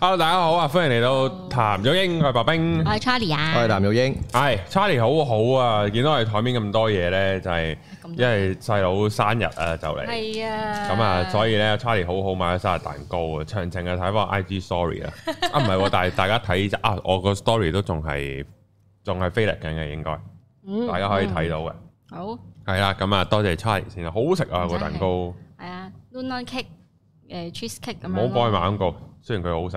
Hello，大家好啊！歡迎嚟到談育鷹，我係白兵，我係 Charlie 啊，我係談育鷹，係 Charlie 好好啊！見到我哋台面咁多嘢咧，就係因為細佬生日啊，就嚟係啊，咁啊，所以咧，Charlie 好好買咗生日蛋糕啊！詳情啊，睇翻 IG story 啊，啊唔係喎，但係大家睇啊，我個 story 都仲係仲係飛力緊嘅，應該，大家可以睇到嘅。好係啦，咁啊，多謝 Charlie 先啊，好好食啊個蛋糕。係啊，noon cake 誒，cheese cake 咁樣。冇改埋蛋糕。雖然佢好食，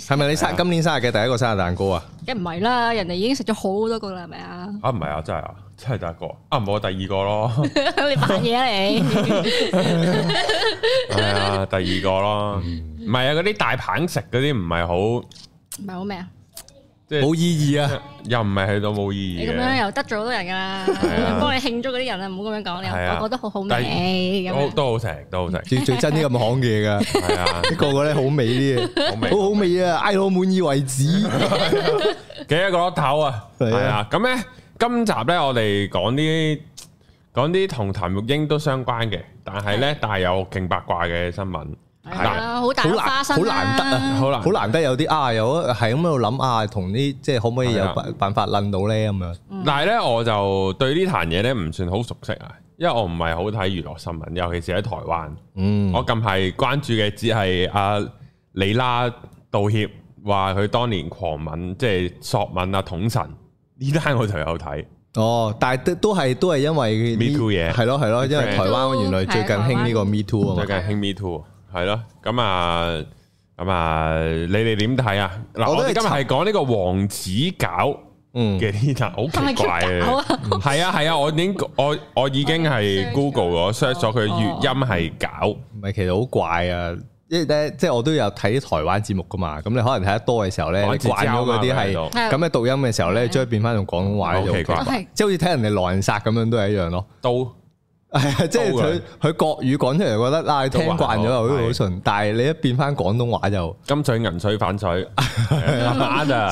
係咪，oh, 你生今年生日嘅第一個生日蛋糕啊？梗唔係啦，人哋已經食咗好多個啦，係咪啊，啊，啊？啊，唔係啊，真係啊，真係第一個啊，唔好第二個咯。你扮嘢啊你？係啊，第二個咯，唔係 啊，嗰啲大棒食嗰啲唔係好，唔係好咩啊？即係冇意義啊！又唔係去到冇意義咁樣又得咗好多人㗎啦！幫你慶祝嗰啲人啊，唔好咁樣講你，又覺得好好味咁，都好食，都好食，最最真啲咁行嘅嘢㗎，係啊！個個咧好味啲嘢，好好味啊！嗌到滿意為止，幾一個頭啊！係啊！咁咧，今集咧我哋講啲講啲同譚玉英都相關嘅，但係咧但係有勁八卦嘅新聞。係啊，好難，好難得啊，好難，好難得有啲啊，有係咁喺度諗啊，同呢，即係可唔可以有辦法論到咧咁樣？嗱，咧我就對呢壇嘢咧唔算好熟悉啊，因為我唔係好睇娛樂新聞，尤其是喺台灣。嗯，我近排關注嘅只係阿李拉道歉，話佢當年狂吻即係索吻啊，統神呢單我就有睇。哦，但係都都係都係因為 Me Too 嘢，係咯係咯，因為台灣原來最近興呢個 Me Too 啊，最近興 Me Too。係咯，咁啊，咁啊，你哋點睇啊？嗱，我哋今日係講呢個黃子佼，嗯嘅呢就好奇怪嘅，係啊係啊，我已經我我已經係 Google 咗 search 咗佢嘅粵音係佼，唔係其實好怪啊！即係即係我都有睇台灣節目噶嘛，咁你可能睇得多嘅時候咧，慣咗嗰啲係咁嘅讀音嘅時候咧，將變翻用廣東話，好奇怪，即係好似睇人哋狼人殺咁樣都係一樣咯。係啊，即係佢佢國語講出嚟，覺得拉聽慣咗又好順，但係你一變翻廣東話就金水銀水反水，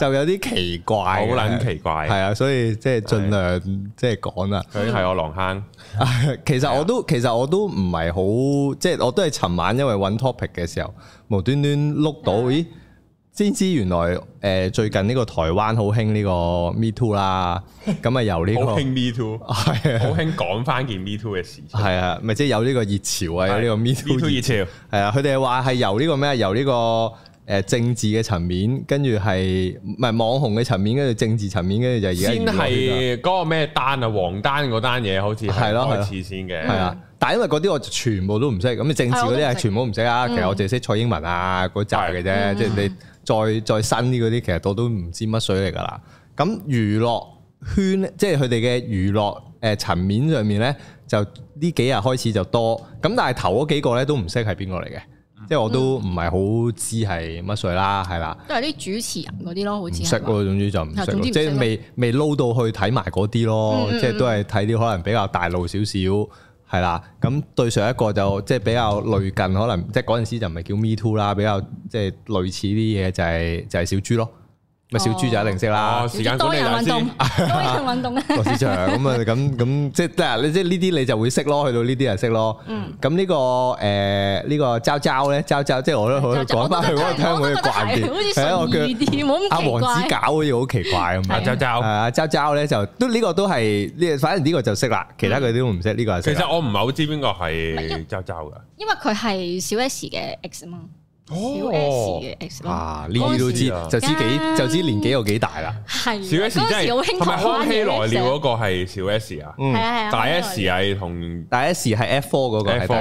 就有啲奇怪，好卵奇怪。係啊，所以即係盡量即係講啦。佢係我狼坑。 其實我都其實我都唔係好，即係我都係尋晚因為搵 topic 嘅時候，無端端碌到咦。啊先知原來誒最近呢個台灣好興呢個 Me Too 啦，咁啊由呢個好興 Me Too 係好興講翻件 Me Too 嘅事情係啊，咪即係有呢個熱潮啊，有呢個 Me Too 熱潮係啊，佢哋話係由呢個咩？由呢個誒政治嘅層面，跟住係唔係網紅嘅層面，跟住政治層面，跟住就而家先係嗰個咩單啊？黃單嗰單嘢好似係咯，係先嘅係啊，但係因為嗰啲我全部都唔識，咁你政治嗰啲係全部唔識啊。其實我淨係識蔡英文啊嗰集嘅啫，即係你。再再新啲嗰啲，其實我都唔知乜水嚟㗎喇。咁娛樂圈即係佢哋嘅娛樂誒層面上面咧，就呢幾日開始就多。咁但係頭嗰幾個咧都唔識係邊個嚟嘅？嗯、即係我都唔係好知係乜水啦，係啦。都係啲主持人嗰啲咯，好似。唔識，總之就唔識，識即係未未撈到去睇埋嗰啲咯，嗯、即係都係睇啲可能比較大路少少。係啦，咁對上一個就即係比較類近，可能即係嗰陣時就唔係叫 Me Too 啦，比較即係類似啲嘢就係、是、就係、是、小豬咯。咪小豬就一定識啦，時間管理啦先，多人運動啊，多人運動啊。市場咁啊，咁咁即係得啊，即係呢啲你就會識咯，去到呢啲就識咯。咁呢個誒呢個啾啾咧，啾啾即係我都可以講翻去嗰個廳，可以掛住。好似新啲，冇咁奇怪，阿王子搞好似好奇怪咁啊，啾啾係啊，啾啾咧就都呢個都係呢，反正呢個就識啦，其他佢都唔識呢個。其實我唔係好知邊個係啾啾噶，因為佢係小 S 嘅 X 嘛。S 小 S 嘅，X 啊呢啲都知，就知幾就知年紀有幾大啦。係，嗰陣時好興。同埋康熙來了嗰個係小 S 啊，係啊係啊。 嗯、 的 大 S 係同大 S 係 F four 嗰、那個，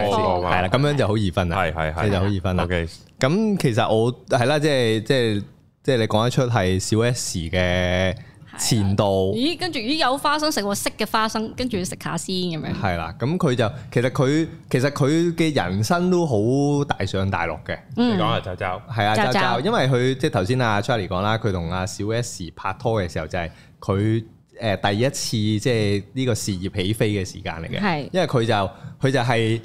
係啦，咁樣就好易分啦，係係係，就好易分啦。OK，咁其實我係啦，即係即係即係你講得出係小 S 嘅。前度，咦？跟住咦？有花生食喎，過色嘅花生，跟住食下先咁樣。係啦，咁佢就其實佢其實佢嘅人生都好大上大落嘅，嗯、你講下就就係啊，就就，走走因為佢即係頭先阿 Charlie 講啦，佢同阿小 S 拍拖嘅時候就係佢誒第一次即係呢個事業起飛嘅時間嚟嘅。係的，因為佢就佢就係、是、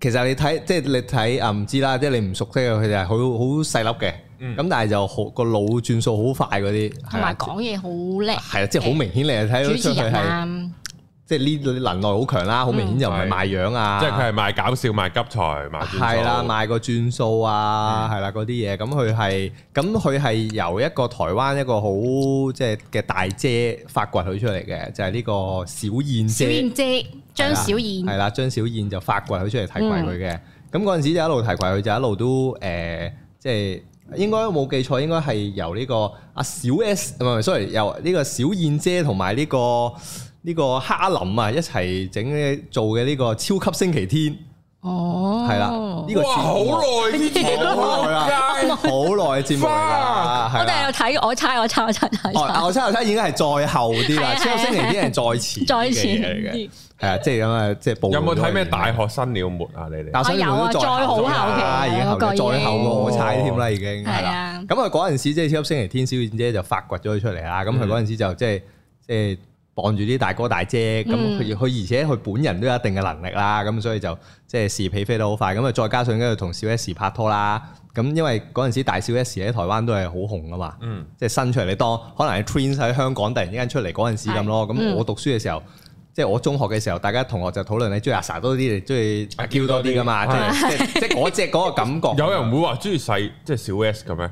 其實你睇即係你睇唔知啦，即、就、係、是、你唔熟悉嘅，佢就係好好細粒嘅。咁、嗯、但係就好個腦轉數好快嗰啲，同埋講嘢好叻，係啊，即係好明顯、呃、你睇到佢，嚟、啊。主持人啊，即係呢啲能耐好強啦，好明顯就唔係賣樣啊，即係佢係賣搞笑、賣急才、賣係啦、啊、賣個轉數啊，係啦嗰啲嘢。咁佢係咁佢係由一個台灣一個好即係嘅大姐發掘佢出嚟嘅，就係、是、呢個小燕姐。小燕姐張小燕係啦、啊啊啊，張小燕就發掘佢出嚟提攜佢嘅。咁嗰陣時就一路提攜佢、嗯呃呃，就一路都誒即係。應該冇記錯，應該係由呢個阿小 S，唔係，sorry，由呢個小燕姐同埋呢個呢個哈林啊一齊整嘅做嘅呢個超級星期天。哦，係啦，呢個好耐好耐啦，好耐嘅節目啦，我哋有睇我猜我猜我猜我猜，我猜我猜已經係再後啲啦，超星期啲人再前再前嚟嘅。係啊，即係咁啊，即係有冇睇咩大學生了沒啊？你哋大學生了再好後已經後再後我猜添啦，已經係啊，咁啊嗰陣時即係超級星期天小燕姐就發掘咗佢出嚟啦，咁佢嗰陣時就即係即係。傍住啲大哥大姐，咁佢佢而且佢本人都有一定嘅能力啦，咁所以就即係事業起飛得好快，咁啊再加上跟住同小 S 拍拖啦，咁因為嗰陣時大小 S 喺台灣都係好紅噶嘛，即係、嗯、新出嚟你當可能係 Twins 喺香港突然之間出嚟嗰陣時咁咯，咁、嗯、我讀書嘅時候，即係我中學嘅時候，大家同學就討論你中意阿 Sa 多啲定中意阿嬌多啲噶嘛，即係即係嗰隻嗰個感覺。有人會話中意細即係小 S 咁樣？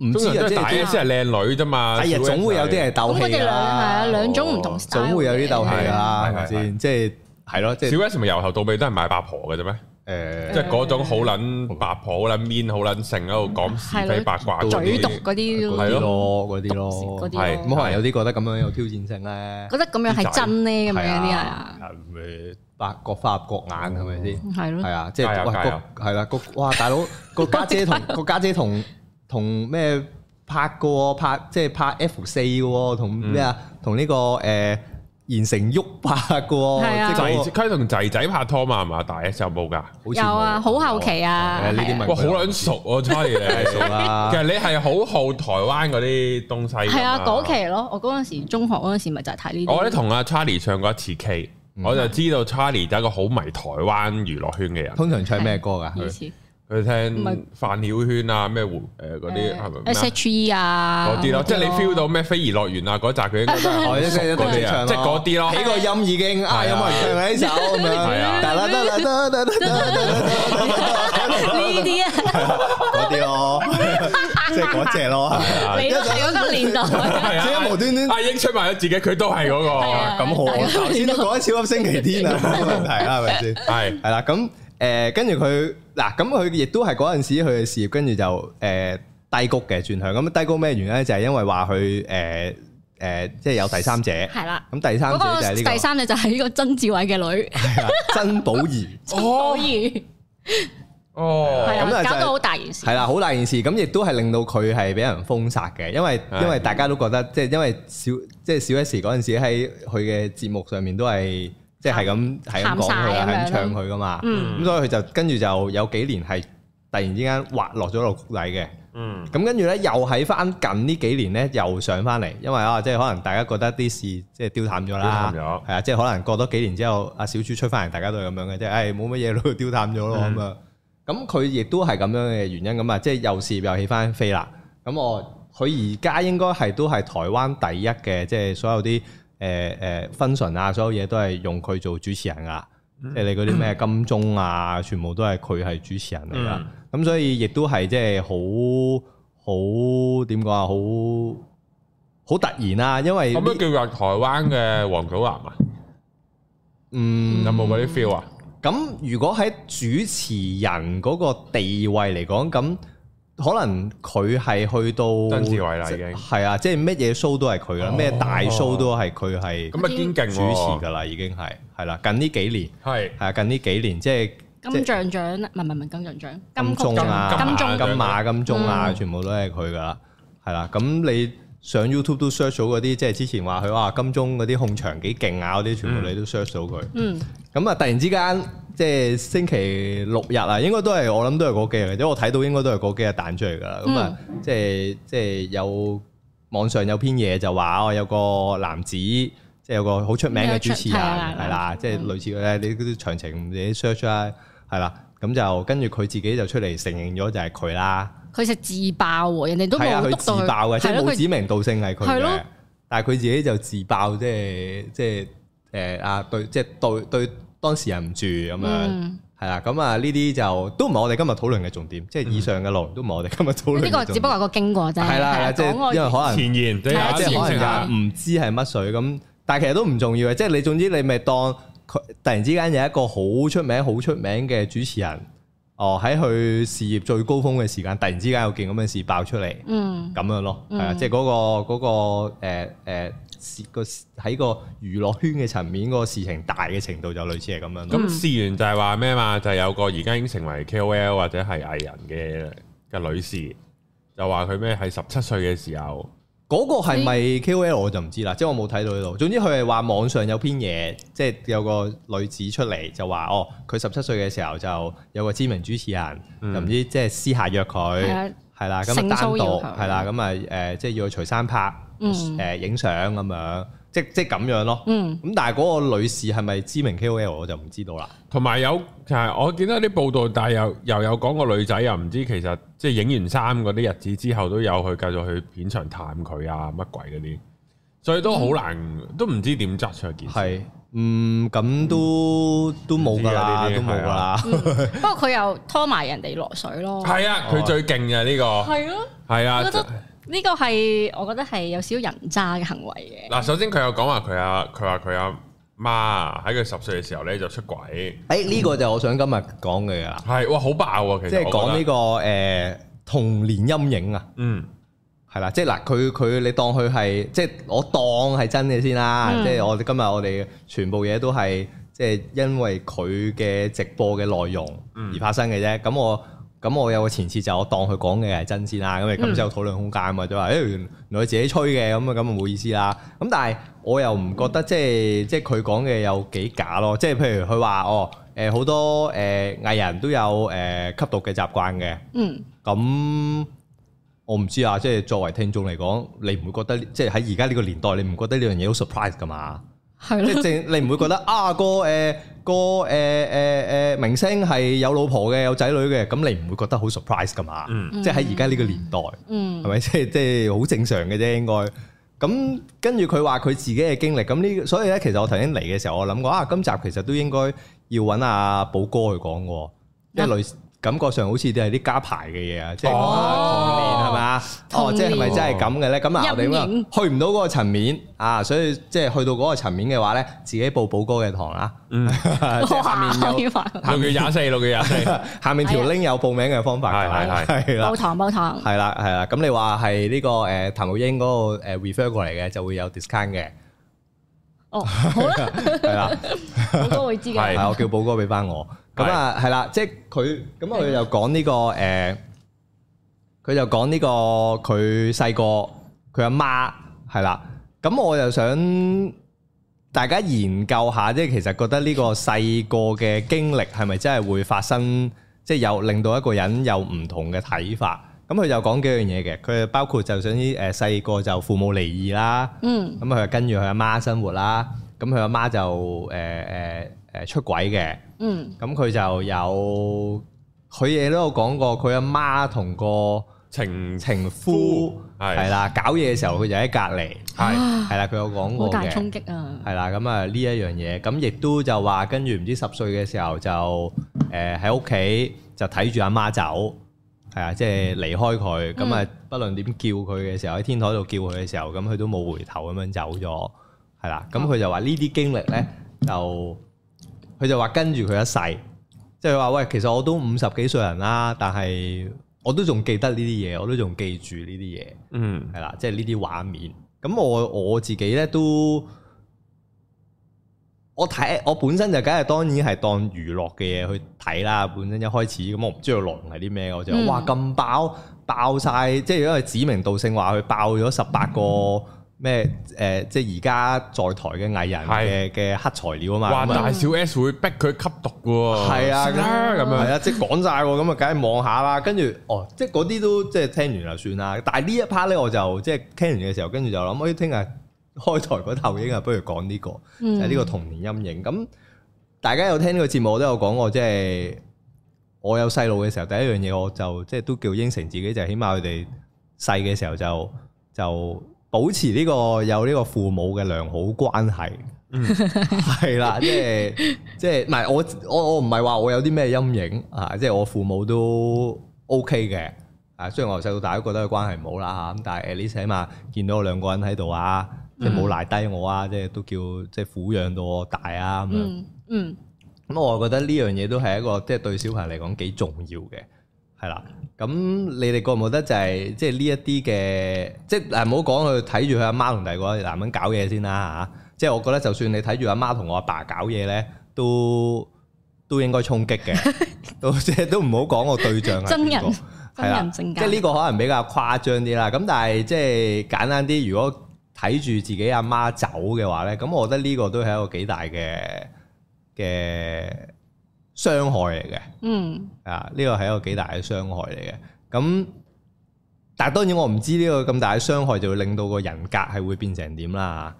唔知啊，即係大隻先係靚女啫嘛，係啊，總會有啲係鬥氣啦。咁佢哋兩係啊兩種唔同，總會有啲鬥氣啊，係咪先？即係係咯，即係。小 S 咪由頭到尾都係賣八婆嘅啫咩？誒，即係嗰種好撚八婆、好撚 mean 好撚性，喺度講是非八卦、嘴毒嗰啲嗰啲咯嗰啲咯，咁可能有啲覺得咁樣有挑戰性咧？覺得咁樣係真呢？咁樣啲人係咪？八各花入各眼係咪先？係咯，係啊，即係個係啦哇大佬個家姐同個家姐同。同咩拍過拍即係拍 F 四喎，同咩啊？同呢個誒言承旭拍嘅喎，即佢同仔仔拍拖嘛係嘛？大 S 有冇報噶？有啊，好後期啊，哇，好卵熟啊，Charlie 熟啦，其實你係好好台灣嗰啲東西，係啊，嗰期咯，我嗰陣時中學嗰陣時咪就係睇呢啲。我咧同阿 Charlie 唱過一次 K，我就知道 Charlie 就係個好迷台灣娛樂圈嘅人。通常唱咩歌噶？去聽范曉萱啊，咩胡嗰啲係咪啊？S H E 啊，嗰啲咯，即係你 feel 到咩飛兒樂園啊嗰集佢，我一聽嗰啲啊，即係嗰啲咯，起個音已經有冇人唱呢首咁樣係啦，得啦得啦得啦得啦，呢啲啊，嗰啲咯，即係嗰隻咯，一齊嗰十年代係無端端阿英出賣咗自己，佢都係嗰個，咁好頭先都講少粒星期天啊問題啦係咪先係係啦咁。誒跟住佢嗱，咁佢亦都係嗰陣時佢嘅事業，跟住就誒低谷嘅轉向。咁低谷咩原因咧？就係因為話佢誒誒，即係有第三者。係啦。咁第三者就係呢個。第三者就係呢個曾志偉嘅女。係啦。曾寶儀。曾寶儀。哦。係啦。搞到好大件事。係啦，好大件事。咁亦都係令到佢係俾人封殺嘅，因為因為大家都覺得，即係因為小即係小 S 嗰陣時喺佢嘅節目上面都係。即係咁，係咁講佢，係咁水水唱佢噶嘛。咁、嗯、所以佢就跟住就有幾年係突然之間滑落咗落谷底嘅。咁、嗯、跟住咧，又喺翻近呢幾年咧，又上翻嚟。因為啊，即、就、係、是、可能大家覺得啲事即係凋淡咗啦。係啊，即、就、係、是、可能過多幾年之後，阿小豬吹翻嚟，大家都係咁樣嘅，即係誒冇乜嘢都凋淡咗咯咁啊。咁佢亦都係咁樣嘅、嗯嗯、原因咁啊。即、就、係、是、又事業又起翻飛啦。咁我佢而家應該係都係台灣第一嘅，即係所有啲。誒誒，function、uh, uh, 啊，所有嘢都係用佢做主持人噶，嗯、即係你嗰啲咩金鐘啊，全部都係佢係主持人嚟、啊、啦。咁、嗯、所以亦都係即係好好點講啊，好好突然啦、啊，因為咁樣叫話台灣嘅黃祖藍啊？嗯，有冇嗰啲 feel 啊？咁、嗯、如果喺主持人嗰個地位嚟講，咁。可能佢係去到，曾志偉啦已經係啊，即係乜嘢 show 都係佢啦，咩大 show 都係佢係咁啊堅勁主持噶啦，已經係係啦。近呢幾年係係啊，近呢幾年即係金像獎，唔係唔係唔係金像獎，金鐘啊，金鐘金馬金鐘啊，全部都係佢噶啦，係啦。咁你上 YouTube 都 search 到嗰啲，即係之前話佢哇金鐘嗰啲控場幾勁啊，嗰啲全部你都 search 到佢。嗯。咁啊，突然之間。即係星期六日啊，應該都係我諗都係嗰幾日，因為我睇到應該都係嗰幾日彈出嚟噶啦。咁啊，即係即係有網上有篇嘢就話我有個男子，即係有個好出名嘅主持人，係啦，即係類似嘅咧，啲詳情你 search 啊，係啦，咁就跟住佢自己就出嚟承認咗就係佢啦。佢就自爆，人哋都冇篤到佢。係啊，佢自爆嘅，即係冇指名道姓係佢嘅。但係佢自己就自爆，即係即係誒啊！對，即係對對。當時人唔住咁樣，係啦、嗯，咁啊呢啲就都唔係我哋今日討論嘅重點，嗯、即係以上嘅內容都唔係我哋今日討論。呢、嗯、個只不過係個經過啫，係啦的，即係因為可能前言對啊，即係可能唔知係乜水咁，但係其實都唔重要嘅，即係你總之你咪當佢突然之間有一個好出名、好出名嘅主持人。哦，喺佢事業最高峰嘅時間，突然之間有件咁嘅事爆出嚟，咁樣咯，嗯，係啊，嗯，即係嗰個嗰個呃呃事個喺個娛樂圈嘅層面嗰個事情大嘅程度就類似係咁樣咯。咁，嗯，事源就係話咩嘛？就係有個而家已經成為 KOL 或者係藝人嘅嘅女士，就話佢咩係十七歲嘅時候。嗰個係咪 KOL 我就唔知啦，即係我冇睇到呢度。總之佢係話網上有篇嘢，即係有個女子出嚟就話哦，佢十七歲嘅時候就有個知名主持人，嗯、就唔知即係私下約佢，係啦、嗯，咁啊單獨，係啦、嗯，咁啊誒，即係要去除衫拍，誒影相咁樣。嗯即即咁樣咯，咁但係嗰個女士係咪知名 KOL 我就唔知道啦。同埋有係我見到啲報道，但係又又有講個女仔又唔知其實即係影完衫嗰啲日子之後都有去繼續去片場探佢啊乜鬼嗰啲，所以都好難、嗯、都唔知點執出嚟件事。係、嗯，嗯咁都都冇㗎啦，都冇㗎啦。不過佢又拖埋人哋落水咯。係啊，佢最勁啊，呢個係咯，係啊。呢個係我覺得係有少少人渣嘅行為嘅。嗱，首先佢有講話佢阿佢話佢阿媽喺佢十歲嘅時候咧就出軌。誒、欸，呢、呢個就我想今日講嘅嘢啦。係，哇，好爆啊！其實，即係講呢個誒、呃、童年陰影啊。嗯，係啦，即係嗱，佢佢你當佢係即係我當係真嘅先啦。即係、嗯、我哋今日我哋全部嘢都係即係因為佢嘅直播嘅內容而發生嘅啫。咁我、嗯。嗯咁我有個前設就我當佢講嘅係真先啦，咁你咁先有討論空間啊嘛。就話誒，原來佢自己吹嘅咁啊，咁啊冇意思啦。咁但係我又唔覺得即係、嗯、即係佢講嘅有幾假咯。即係譬如佢話哦，誒、呃、好多誒、呃、藝人都有誒、呃、吸毒嘅習慣嘅。嗯，咁我唔知啊，即係作為聽眾嚟講，你唔會覺得即係喺而家呢個年代，你唔覺得呢樣嘢好 surprise 噶嘛？係是即係你唔會覺得啊個誒個誒誒誒明星係有老婆嘅，有仔女嘅，咁你唔會覺得好 surprise 噶嘛？嗯，即係喺而家呢個年代，嗯，係咪即係即係好正常嘅啫？應該咁，跟住佢話佢自己嘅經歷咁呢？所以咧，其實我頭先嚟嘅時候，我諗過啊，今集其實都應該要揾阿寶哥去講個，因為女。嗯感覺上好似都係啲加牌嘅嘢啊，即係同年係嘛？哦，即係咪真係咁嘅咧？咁啊，我哋去唔到嗰個層面啊，所以即係去到嗰個層面嘅話咧，自己報寶哥嘅堂啦。嗯，下面有，六月廿四，六月廿四。下面條 link 有報名嘅方法，係係。報堂報堂，係啦係啦。咁你話係呢個誒談育鷹嗰個誒 refer 過嚟嘅，就會有 discount 嘅。哦，好啦，係啦，寶哥會知嘅。係我叫寶哥俾翻我。咁啊，係啦，即係佢，咁佢的、嗯、就講呢、呢個誒，佢就講呢個佢細個佢阿媽係啦。咁我就想大家研究下，即係其實覺得呢個細個嘅經歷係咪真係會發生，即係有令到一個人有唔同嘅睇法。咁佢就講幾樣嘢嘅，佢包括就等啲誒細個就父母離異啦，嗯，咁、嗯嗯、佢就跟住佢阿媽生活啦，咁佢阿媽就誒誒。嗯嗯嗯誒出軌嘅，嗯，咁佢、嗯嗯、就有，佢亦都有講過，佢阿媽同個情情夫係啦，搞嘢嘅時候，佢就喺隔離，係係啦，佢有講過嘅。好大衝擊啊！係啦，咁啊呢一樣嘢，咁亦都就話跟住唔知十歲嘅時候就誒喺屋企就睇住阿媽走，係啊，即係離開佢，咁啊，不論點叫佢嘅時候，喺天台度叫佢嘅時候，咁佢都冇回頭咁樣走咗，係啦，咁佢就話呢啲經歷咧就。佢就話跟住佢一世，即係佢話喂，其實我都五十幾歲人啦，但係我都仲記得呢啲嘢，我都仲記住呢啲嘢，嗯，係啦，即係呢啲畫面。咁我我自己咧都，我睇我本身就梗係當然係當娛樂嘅嘢去睇啦。本身一開始咁，我唔知道內容係啲咩，我就、嗯、哇咁爆爆晒。」即係因為指名道姓話佢爆咗十八個。咩？誒，即係而家在台嘅藝人嘅嘅黑材料啊嘛！話大小 S 會逼佢吸毒喎。係啊，咁樣係啊，即係講晒喎。咁啊，梗係望下啦。跟住，哦，即係嗰啲都即係聽完就算啦。但係呢一 part 咧，我就即係、就是、聽完嘅時候，跟住就諗，可要聽日開台個投影啊，不如講呢、這個，嗯、就係呢個童年陰影。咁大家有聽呢個節目，我都有講過，即、就、係、是、我有細路嘅時候，第一樣嘢我就即係、就是、都叫應承自己，就係、是、起碼佢哋細嘅時候就就。就就就就就保持呢個有呢個父母嘅良好關係，係啦、嗯，即係即係唔係我我我唔係話我有啲咩陰影啊，即係我父母都 OK 嘅啊，雖然我由細到大都覺得佢關係唔好啦嚇，咁但係呢次起碼見到我兩個人喺度啊，即係冇賴低我啊，即係都叫即係撫養到我大啊咁樣。嗯，咁、嗯、我覺得呢樣嘢都係一個即係對小朋友嚟講幾重要嘅。係啦，咁你哋覺唔覺得就係即係呢一啲嘅，即係唔好講佢睇住佢阿媽同第二個男人搞嘢先啦嚇。即係我覺得就算你睇住阿媽同我阿爸搞嘢咧，都都應該衝擊嘅， 都即係都唔好講個對象係 真人係啦。的即係呢個可能比較誇張啲啦。咁但係即係簡單啲，如果睇住自己阿媽走嘅話咧，咁我覺得呢個都係一個幾大嘅嘅。傷害嚟嘅，嗯，啊，呢個係一個幾大嘅傷害嚟嘅。咁，但係當然我唔知呢個咁大嘅傷害就會令到個人格係會變成點啦。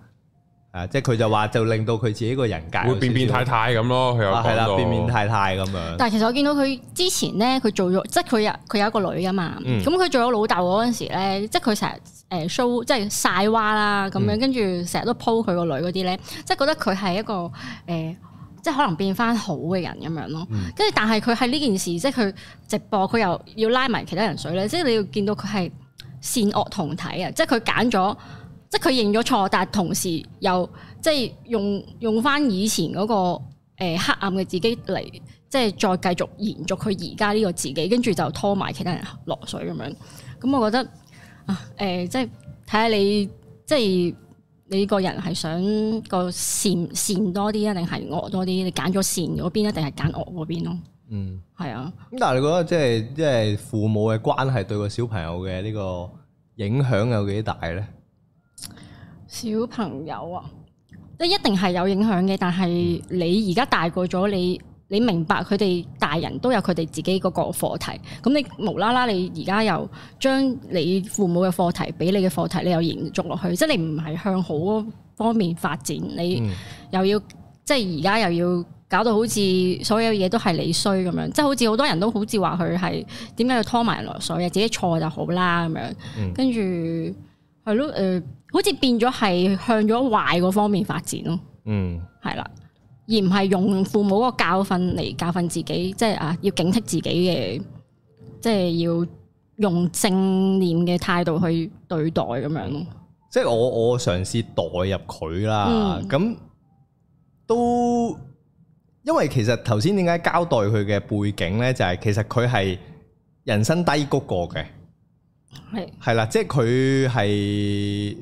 啊，即係佢就話就令到佢自己個人格點點會變變態態咁咯。係、啊、啦，變變態態咁樣。但係其實我見到佢之前咧，佢做咗，即係佢有佢有一個女㗎嘛。咁佢、嗯、做咗老豆嗰陣時咧，即係佢成日誒 show，即係晒娃啦咁樣、嗯、樣，跟住成日都 po 佢個女嗰啲咧，即係覺得佢係一個誒。呃呃即係可能變翻好嘅人咁樣咯，跟住、嗯、但係佢喺呢件事，即係佢直播，佢又要拉埋其他人水咧，即係你要見到佢係善惡同體啊！即係佢揀咗，即係佢認咗錯，但係同時又即係用用翻以前嗰個黑暗嘅自己嚟，即係再繼續延續佢而家呢個自己，跟住就拖埋其他人落水咁樣。咁我覺得啊，誒、呃，即係睇下你即係。你個人係想個善善多啲、嗯、啊，定係惡多啲？你揀咗善嗰邊定係揀惡嗰邊咯？嗯，係啊。咁但係你覺得即係即係父母嘅關係對個小朋友嘅呢個影響有幾大咧？小朋友啊，即一定係有影響嘅，但係你而家大個咗大過咗你。你明白佢哋大人都有佢哋自己嗰個課題，咁你無啦啦，你而家又將你父母嘅課題俾你嘅課題，你又延續落去，即係你唔係向好方面發展，你又要、嗯、即係而家又要搞到好似所有嘢都係你衰咁樣，即係好似好多人都好似話佢係點解要拖埋落水啊，自己錯就好啦咁樣跟住係咯，誒、嗯呃，好似變咗係向咗壞嗰方面發展咯，嗯，係啦。而唔係用父母嗰個教訓嚟教訓自己，即係啊，要警惕自己嘅，即係要用正念嘅態度去對待咁樣咯。即係我我嘗試代入佢啦，咁、嗯、都因為其實頭先點解交代佢嘅背景咧，就係、係、其實佢係人生低谷過嘅，係係啦，即係佢係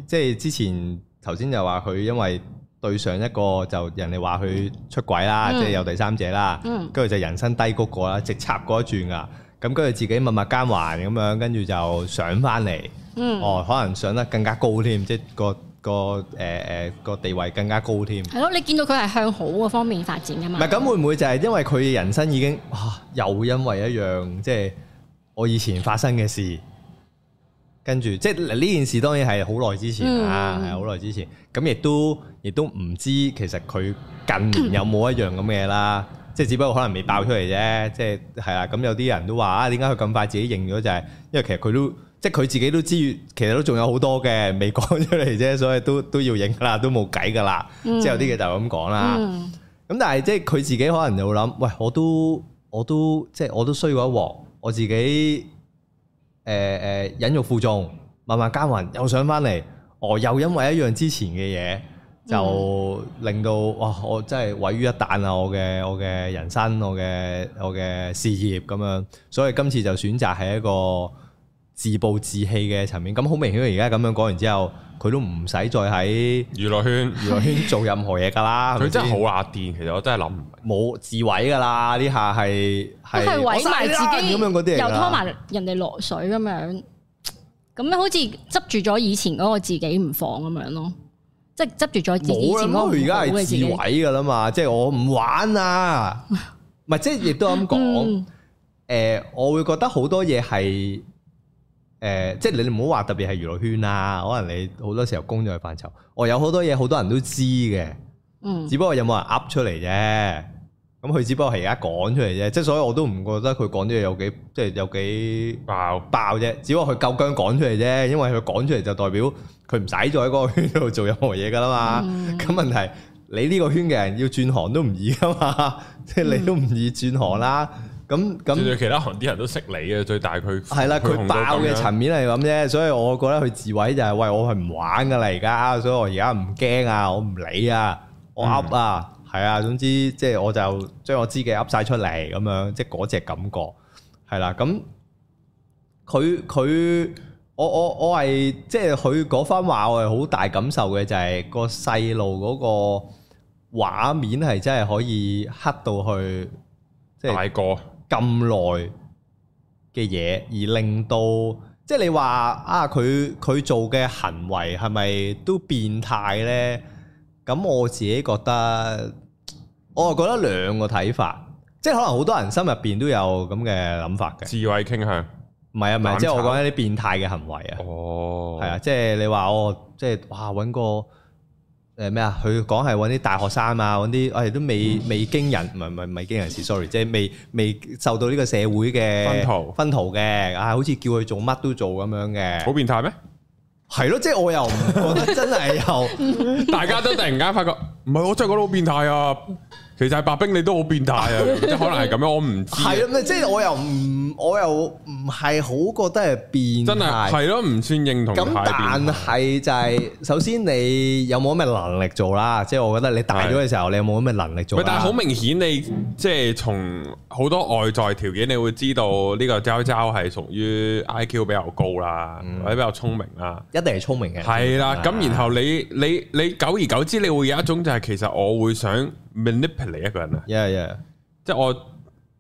即係之前頭先就話佢因為，對上一個就人哋話佢出軌啦，即係、嗯、有第三者啦，跟住、嗯、就人生低谷過啦，直插過一轉噶，咁跟住自己默默耕耘咁樣，跟住就上返嚟，嗯、哦可能上得更加高添，即係個個誒誒、呃、個地位更加高添。係咯，你見到佢係向好嘅方面發展噶嘛？唔係咁會唔會就係因為佢人生已經、啊、又因為一樣即係我以前發生嘅事？跟住，即係呢件事當然係好耐之前啊，係好耐之前。咁亦、嗯、都亦都唔知其實佢近年有冇一樣咁嘅嘢啦，即係、嗯、只不過可能未爆出嚟啫。即係係啦，咁、啊、有啲人都話啊，點解佢咁快自己認咗就係、係？因為其實佢都即係佢自己都知，其實都仲有好多嘅未講出嚟啫，所以都都要認啦，都冇計噶啦。即係、嗯、有啲嘢就咁講啦。咁、嗯、但係即係佢自己可能就會諗，喂，我都我都，我都即係我都衰過一鑊，我自己。誒誒，忍辱負重，慢慢耕耘。又上翻嚟，哦，又因為一樣之前嘅嘢、嗯、就令到哇我真係毀於一旦啊！我嘅我嘅人生，我嘅我嘅事業咁樣，所以今次就選擇係一個自暴自棄嘅層面，咁好明顯。而家咁樣講完之後，佢都唔使再喺娛樂圈娛樂圈做任何嘢㗎啦。佢真係好壓電，其實我真係諗唔明，冇自毀㗎啦。呢下係係毀埋自己，咁樣啲又拖埋人哋落水咁樣，咁樣好似執住咗以前嗰個自己唔放咁樣咯，即係執住咗自己以前嗰個好嘅自己。冇，佢而家係自毀㗎啦嘛，即係 我唔玩啊，唔係即係亦都咁講。誒、嗯，我會覺得好多嘢係。誒、呃，即係你唔好話特別係娛樂圈啦，啊，可能你好多時候工作嘅範疇，我有好多嘢好多人都知嘅，嗯，只有有只，只不過有冇人噏出嚟啫，咁佢只不過係而家講出嚟啫，即係所以我都唔覺得佢講啲嘢有幾，即係有幾爆爆啫，只不過佢夠薑講出嚟啫，因為佢講出嚟就代表佢唔使再喺嗰個圈度做任何嘢噶啦嘛，咁，嗯，問題你呢個圈嘅人要轉行都唔易噶嘛，即係你都唔易轉行啦。嗯嗯咁咁，其他行啲人都識你嘅，最大佢係啦，佢爆嘅層面係咁啫，所以我覺得佢自毀就係喂，我係唔玩噶啦而家，所以我而家唔驚啊，我唔理啊，我 up 啊，係啊，總之即係我就將我自己 up 晒出嚟，咁樣即係嗰隻感覺係啦。咁佢佢我我我係即係佢嗰番話，我係好大感受嘅，就係個細路嗰個畫面係真係可以黑到去，即係太過。咁耐嘅嘢，而令到即係你話啊，佢佢做嘅行為係咪都變態咧？咁我自己覺得，我係覺得兩個睇法，即係可能好多人心入邊都有咁嘅諗法嘅智慧傾向，唔係啊，唔係即係我講一啲變態嘅行為啊，哦，哦，係啊，即係你話哦，即係哇，揾個。誒咩啊？佢講係搵啲大學生啊，搵啲我哋都未未經人，唔係唔係未經人事，sorry，即係未未受到呢個社會嘅熏陶熏陶嘅，啊，好似叫佢做乜都做咁樣嘅，好變態咩？係咯，即係我又唔覺得 真係又， 大家都突然間發覺，唔係，我真係覺得好變態啊！其實白兵，你都好變態啊！即 可能係咁樣，我唔係啊，即係、就是、我又唔，我又唔係好覺得係變態真係，係咯，唔算認同。咁但係就係，首先你有冇咩能力做啦？即係的我覺得你大咗嘅時候，你有冇咩能力做？但係好明顯你即係從好多外在條件，你會知道呢個周周係屬於 I Q 比較高啦，嗯、或者比較聰明啦，一定係聰明嘅。係的啦，咁然後你你你，你久而久之，你會有一種就係其實我會想。Manipulate 一個人啊，yeah yeah，即、yeah. 係我即係、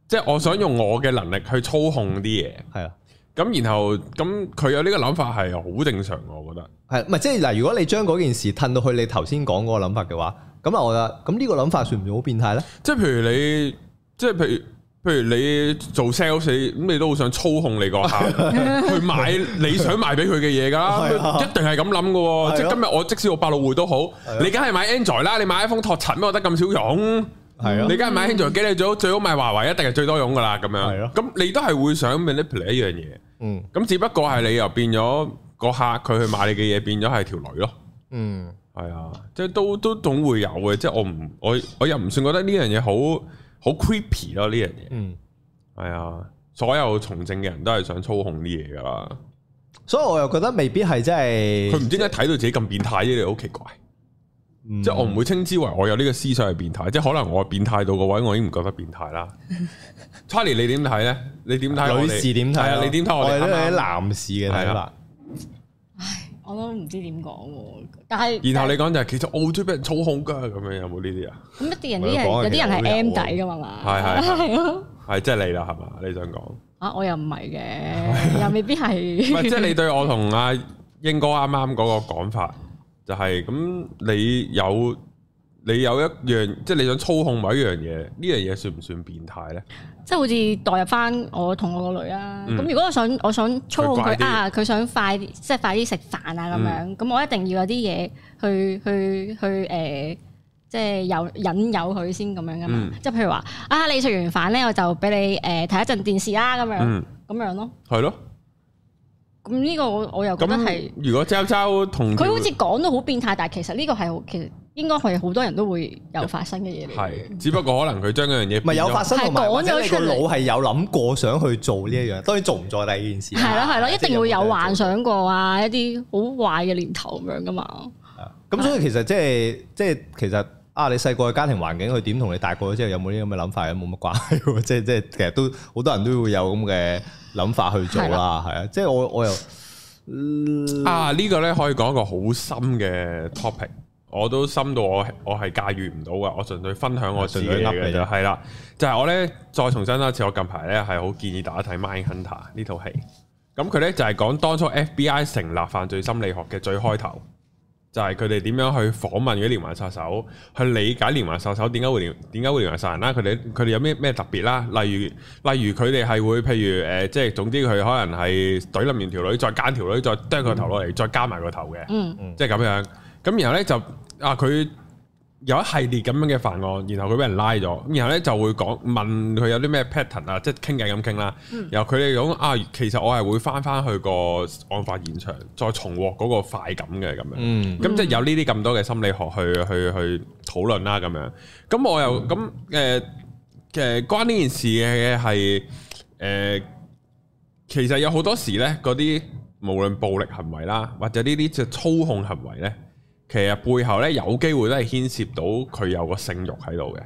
即係、我想用我嘅能力去操控啲嘢，係啊，咁然後咁佢有呢個諗法係好正常，我覺得，係唔係即係嗱？如果你將嗰件事褪到去你頭先講嗰個諗法嘅話，咁啊，我覺得咁呢個諗法算唔算好變態咧？即係譬如你，即係譬如。譬如你做 sales 咁，你都好想操控你個客 去買你想賣俾佢嘅嘢噶， 一定係咁諗噶。即係今日我即使我百老匯都好，你梗係買 Android 啦，你買 iPhone 托陳咩？我得咁少用，係啊，你梗係買 Android 機，你最好最好買華為，一定係最多用噶啦。咁樣，係咯。咁你都係會想 manipulate 一樣嘢，嗯。咁只不過係你又變咗個客，佢去買你嘅嘢，變咗係條女咯。嗯，係啊，即係都都總會有嘅。即係我唔我我又唔算覺得呢樣嘢好。好 creepy 咯，呢樣嘢。啊、嗯，係啊、哎，所有從政嘅人都係想操控啲嘢噶啦，所以我又覺得未必係真係，佢唔知點解睇到自己咁變態咧，又好奇怪，嗯、即係我唔會稱之為我有呢個思想係變態，即係可能我變態到個位，我已經唔覺得變態啦。嗯、Charlie 你點睇咧？你點睇？女士點睇？啊，你點睇？我哋都係啲男士嘅睇法。我都唔知點講喎，但係然後你講就係其實澳洲俾人操控㗎，咁樣有冇呢啲啊？咁一啲人、啲人有啲人係 M 底㗎嘛？係係係，即係你啦，係嘛？你想講啊？我又唔係嘅， 又未必係。即係、 就係、你對我同阿鷹哥啱啱嗰個講法就係、係、咁。你有你有一樣即係你想操控某一樣嘢，呢樣嘢，呢個、算唔算變態咧？即係好似代入翻我同我個女啦，咁、嗯、如果我想我想操控佢啊，佢想快啲，即係快啲食飯啊咁、嗯、樣，咁我一定要有啲嘢去去去誒、呃，即係有引誘佢先咁樣噶嘛。即係、嗯、譬如話啊，你食完飯咧，我就俾你誒睇、呃、一陣電視啦，咁樣咁、嗯、樣咯。係咯。咁呢個我我又覺得係，如果周周同佢好似講到好變態，但係其實呢個係好。其實其實其實其實應該係好多人都會有發生嘅嘢嚟，係只不過可能佢將嗰樣嘢唔係有發生同埋，即係個腦係有諗過想去做呢一樣，當然做唔做第二件事。係咯係咯，一定會有幻想過啊，一啲好壞嘅念頭咁樣噶嘛。啊，咁所以其實即係即係其實啊，你細個嘅家庭環境佢點同你大個咗之後有冇啲咁嘅諗法，冇乜關係喎。即即係其實都好多人都會有咁嘅諗法去做啦，係啊。即係我我又啊呢個咧可以講一個好深嘅 topic。我都深到我我係駕馭唔到噶，我純粹分享我知嘅嘢就係、是、啦，就係、是、我咧再重申一次，我近排咧係好建議大家睇《Mind Hunter》戲呢套戲。咁佢咧就係、是、講當初 FBI 成立犯罪心理學嘅最開頭，就係佢哋點樣去訪問嗰啲連環殺手，去理解連環殺手點解會連點解會連環殺人啦、啊？佢哋佢哋有咩咩特別啦、啊？例如例如佢哋係會譬如誒、呃，即係總之佢可能係懟冧完條女，再姦條女，再掟個頭落嚟，再加埋個頭嘅，即係咁樣。咁然後咧就啊佢有一系列咁樣嘅犯案，然後佢俾人拉咗，然後咧就會講問佢有啲咩 pattern 啊，即係傾偈咁傾啦。然後佢哋講啊，其實我係會翻翻去個案發現場，再重獲嗰個快感嘅咁樣。咁、嗯嗯、即係有呢啲咁多嘅心理學去去去討論啦咁樣。咁我又咁、嗯呃、其實關呢件事嘅係誒，其實有好多時咧嗰啲無論暴力行為啦，或者呢啲即操控行為咧。其實背後咧有機會都係牽涉到佢有個性慾喺度嘅，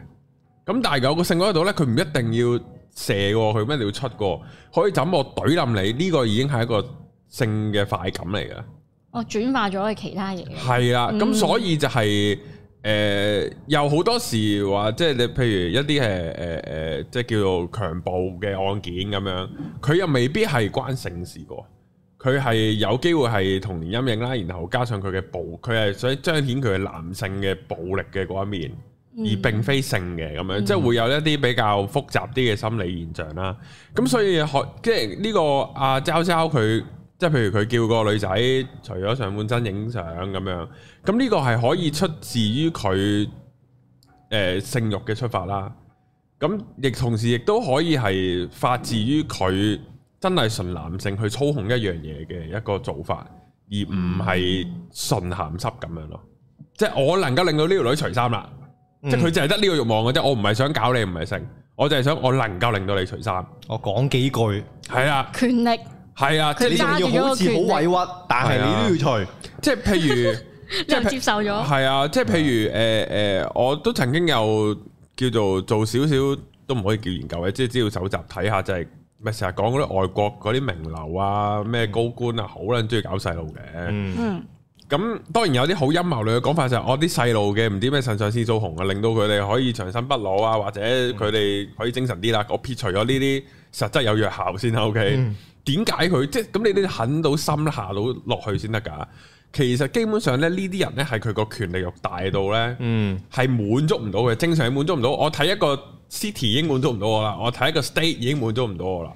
咁但係有個性慾喺度咧，佢唔一定要射喎，佢咩要出個，可以怎我懟冧你。呢、這個已經係一個性嘅快感嚟嘅，哦轉化咗去其他嘢，係啊的，咁、嗯、所以就係、是、誒、呃，有好多時話即係你譬如一啲誒誒誒，即、呃、係、呃、叫做強暴嘅案件咁樣，佢又未必係關性事個。佢係有機會係童年陰影啦，然後加上佢嘅暴，佢係想彰顯佢嘅男性嘅暴力嘅嗰一面，嗯、而並非性嘅咁樣，嗯、即係會有一啲比較複雜啲嘅心理現象啦。咁、嗯、所以可即係呢、呢個阿佼佼佢即係譬如佢叫個女仔除咗上半身影相咁樣，咁呢個係可以出自於佢誒、呃、性慾嘅出發啦。咁亦同時亦都可以係發自於佢。嗯真係純男性去操控一樣嘢嘅一個做法，而唔係純鹹濕咁樣咯。即係我能夠令到呢個女除衫啦，即係佢就係得呢個慾望嘅啫。我唔係想搞你，唔係性，我就係想我能夠令到你除衫。我講幾句係啊，權力係啊，即你你要好似好委屈，但係你都要除。即係譬如，又接受咗係啊。即係譬如誒誒，我都曾經有叫做做少少都唔可以叫研究嘅，即係只要搜集睇下就係。咪成日講嗰啲外國嗰啲名流啊，咩高官啊，好撚中意搞細路嘅。咁、嗯、當然有啲好陰謀論嘅講法，就是，就係我啲細路嘅唔知咩腎上腺素紅啊，令到佢哋可以長生不老啊，或者佢哋可以精神啲啦。嗯、我撇除咗呢啲實質有藥效先 OK，點解佢即係咁？你啲狠到心下到落去先得㗎？其實基本上咧，呢啲人咧係佢個權力欲大到咧，嗯，係滿足唔到嘅，正常係滿足唔到。我睇一個 City 已經滿足唔到我啦，我睇個 state 已經滿足唔到我啦。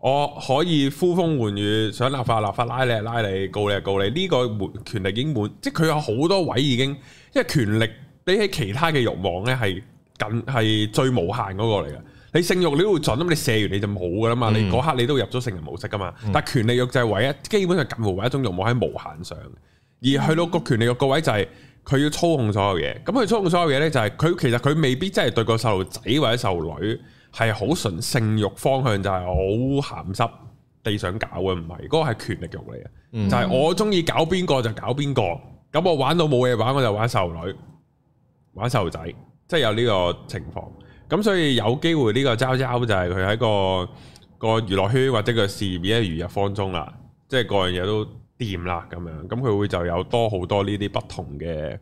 我可以呼風喚雨，想立法立法拉你係拉你，告你係告你。呢個權力已經滿，即係佢有好多位已經，因為權力比起其他嘅欲望呢，係近係最無限嗰個嚟嘅。你性欲你都會盡，咁你射完你就冇噶啦嘛，你嗰刻你都入咗成人模式噶嘛。但係權力欲就係位啊，基本上近乎為一種欲望喺無限上，而去到個權力欲個位就係。佢要操控所有嘢，咁佢操控所有嘢呢，就係佢其實佢未必真係對個細路仔或者細路女係好純性欲方向，就係好鹹濕地想搞嘅，唔係，嗰、那個係權力欲嚟嘅，就係、是、我中意搞邊個就搞邊個，咁我玩到冇嘢玩我就玩細路女，玩細路仔，即、就、係、是、有呢個情況，咁所以有機會呢個招招就係佢喺個個娛樂圈或者一個事業如日方中啦，即、就、係、是、各樣嘢都。掂啦，咁樣咁佢會就有多好多呢啲不同嘅誒、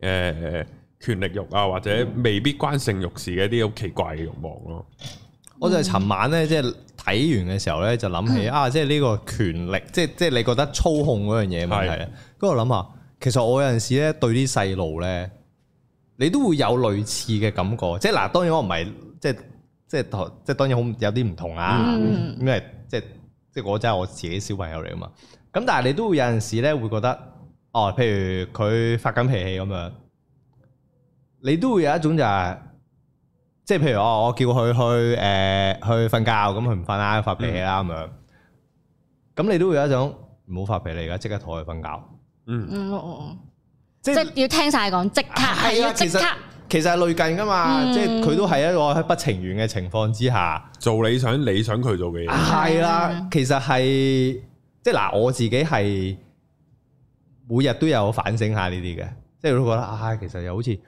呃、權力欲啊，或者未必關性欲事嘅呢啲好奇怪嘅欲望咯。我就係尋晚咧，即係睇完嘅時候咧，就諗起、嗯、啊，即係呢個權力，即係即係你覺得操控嗰樣嘢問題。跟住是我諗下，其實我有陣時咧對啲細路咧，你都會有類似嘅感覺。即係嗱，當然我唔係即係即係即係當然好有啲唔同啊，因為、嗯嗯嗯、即係即係我真係我自己小朋友嚟啊嘛。咁但係你都會有陣時咧，會覺得哦，譬如佢發緊脾氣咁樣，你都會有一種就係，是，即係譬如哦，我叫佢去誒、呃、去瞓覺，咁佢唔瞓啊，發脾氣啦咁樣。咁、嗯、你都會有一種唔好發脾氣㗎，即刻同佢瞓覺。嗯，即係、嗯、即要聽晒講即刻，係啊，其實其實係類近㗎嘛，嗯、即係佢都係一個不情願嘅情況之下做你想你想佢做嘅嘢。係啦、嗯啊，其實係。即係嗱，我自己係每日都有反省下呢啲嘅，即係都覺得啊，其實又好似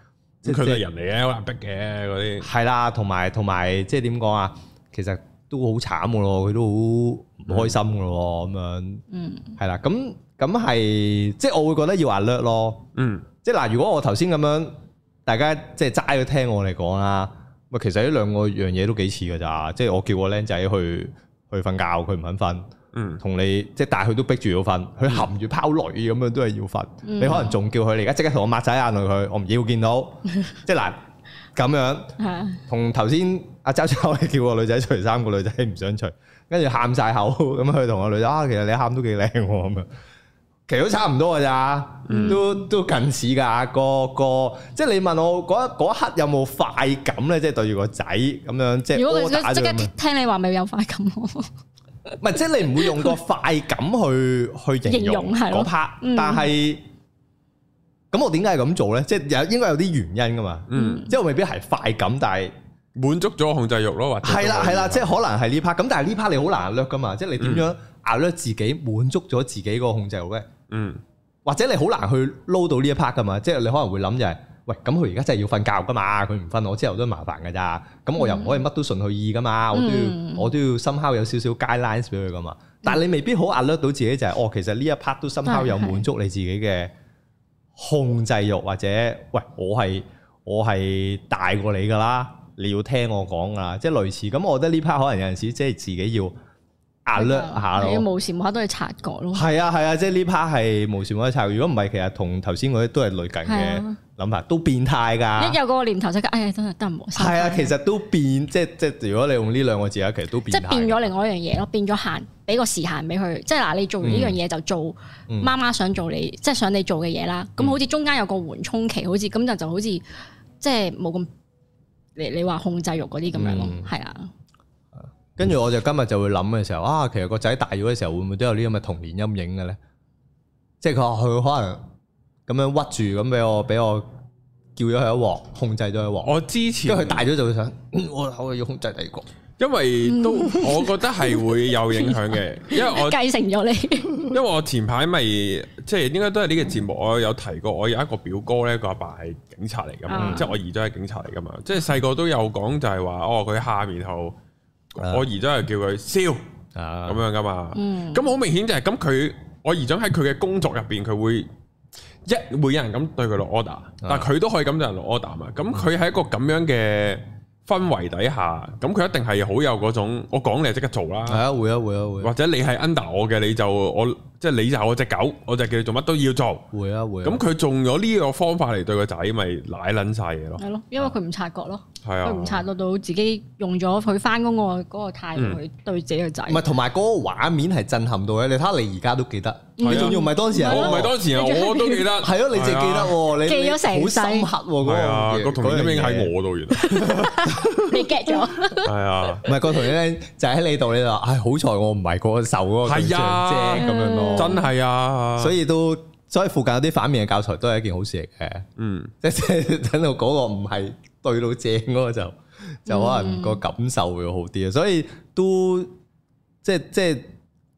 即係佢係人嚟嘅，好難逼嘅嗰啲係啦，同埋同埋即係點講啊？其實都好慘嘅咯，佢都好唔開心嘅咯，咁樣，嗯係啦，咁咁係即係我會覺得要 alert 咯，嗯，即係嗱，如果我頭先咁樣，大家即係齋去聽我嚟講啦，咁其實呢兩個樣嘢都幾似嘅咋，即係我叫個僆仔去去瞓覺，佢唔肯瞓。嗯，同你即係，但係佢都逼住要瞓，佢含住拋淚咁樣都係要瞓。你可能仲叫佢，你而家即刻同我抹晒眼淚佢，我唔要見到。即係嗱咁樣，同頭先阿周小姐叫個女仔除衫，個女仔唔想除，跟住喊晒口，咁佢同個女仔啊，其實你喊都幾靚喎咁樣。其實都差唔多噶咋，都都近似噶。個個即係你問我嗰嗰一刻有冇快感咧？即係對住個仔咁樣，即係如果佢即刻即刻聽你話，咪有快感咯。唔係，即係你唔會用個快感去去形容嗰 part，但係是咁、嗯、我點解係咁做咧？即係有應該有啲原因噶嘛。嗯，即係我未必係快感，但係滿足咗控制欲咯，或者係啦係啦，即係可能係呢 part。咁但係呢 part 你好難甩噶嘛，嗯、即係你點樣啊甩自己滿足咗自己個控制欲咧？嗯，或者你好難去撈到呢一 part 噶嘛，即係你可能會諗就係、是。喂，咁佢而家真係要瞓覺噶嘛？佢唔瞓，我之後都麻煩噶咋？咁我又唔可以乜都順佢意噶嘛、嗯我？我都要我都要深敲有少少 guidelines 俾佢噶嘛？但係你未必好 alert 到自己就係、是、哦，其實呢一 part 都深敲有滿足你自己嘅控制欲，嗯嗯、或者喂，我係我係大過你噶啦，你要聽我講噶啦，即係類似。咁我覺得呢 part 可能有陣時即係自己要 alert 下，嗯就是、無時無刻都係察覺咯。係啊係啊，即係呢 part 係無時無刻察。如果唔係，其實同頭先嗰啲都係類近嘅。對嗯諗法都變態㗎，有一有個念頭即刻，哎呀，真係真係冇。係啊，其實都變，即即如果你用呢兩個字啊，其實都變，即變咗另外一樣嘢咯，變咗限，俾個時限俾佢，即嗱你做呢樣嘢就做媽媽想做你，嗯、即想你做嘅嘢啦。咁好似中間有個緩衝期，好似咁就就好似即冇咁你你話控制欲嗰啲咁樣咯，係啊。跟住我就今日就會諗嘅時候，啊，其實個仔大咗嘅時候，會唔會都有呢咁嘅童年陰影嘅咧？即佢話佢可能。咁樣屈住，咁俾我俾我叫咗佢一鑊，控制咗一鑊。我之前，佢大咗就會想，嗯、我好要控制第二個。因為都，我覺得係會有影響嘅， 因為我繼承咗你。因為我前排咪即係應該都係呢個節目，我有提過，我有一個表哥咧，個阿爸係警察嚟噶、啊，即係我姨丈係警察嚟噶嘛，即係細個都有講就係話，哦佢下面後，我姨丈係叫佢笑咁樣噶嘛。咁好、啊嗯、明顯就係咁佢，我姨丈喺佢嘅工作入邊，佢會。一會，yeah, 人咁對佢落 order，但係佢都可以咁對人落 order 嘛。咁佢喺一個咁樣嘅氛圍底下，咁佢一定係好有嗰種，我講你就即刻做啦。係，yeah, 啊，會啊，會啊，會。或者你係 under 我嘅，你就我。即係你就係我隻狗，我就叫你做乜都要做。會啊會啊。咁佢仲有呢個方法嚟對個仔，咪舐撚晒嘢咯。係咯，因為佢唔察覺咯。係啊，佢唔察覺到自己用咗佢翻工個嗰個態度去對自己個仔。唔係，同埋嗰個畫面係震撼到嘅。你睇下，你而家都記得。你仲要唔係當時啊？我唔係當時啊，我都記得。係咯，你淨記得喎，你記咗成世。好深刻喎，嗰個。係啊，個童陰已經喺我度原來。你 get 咗？係啊，唔係個童陰咧就喺你度，你話唉好彩我唔係個受嗰個形象啫咁樣咯。真係啊，嗯、所以都所以附近有啲反面嘅教材都係一件好事嚟嘅。嗯，即係 等到嗰個唔係對到正嗰個就就可能個感受會好啲啊。所以都即係即係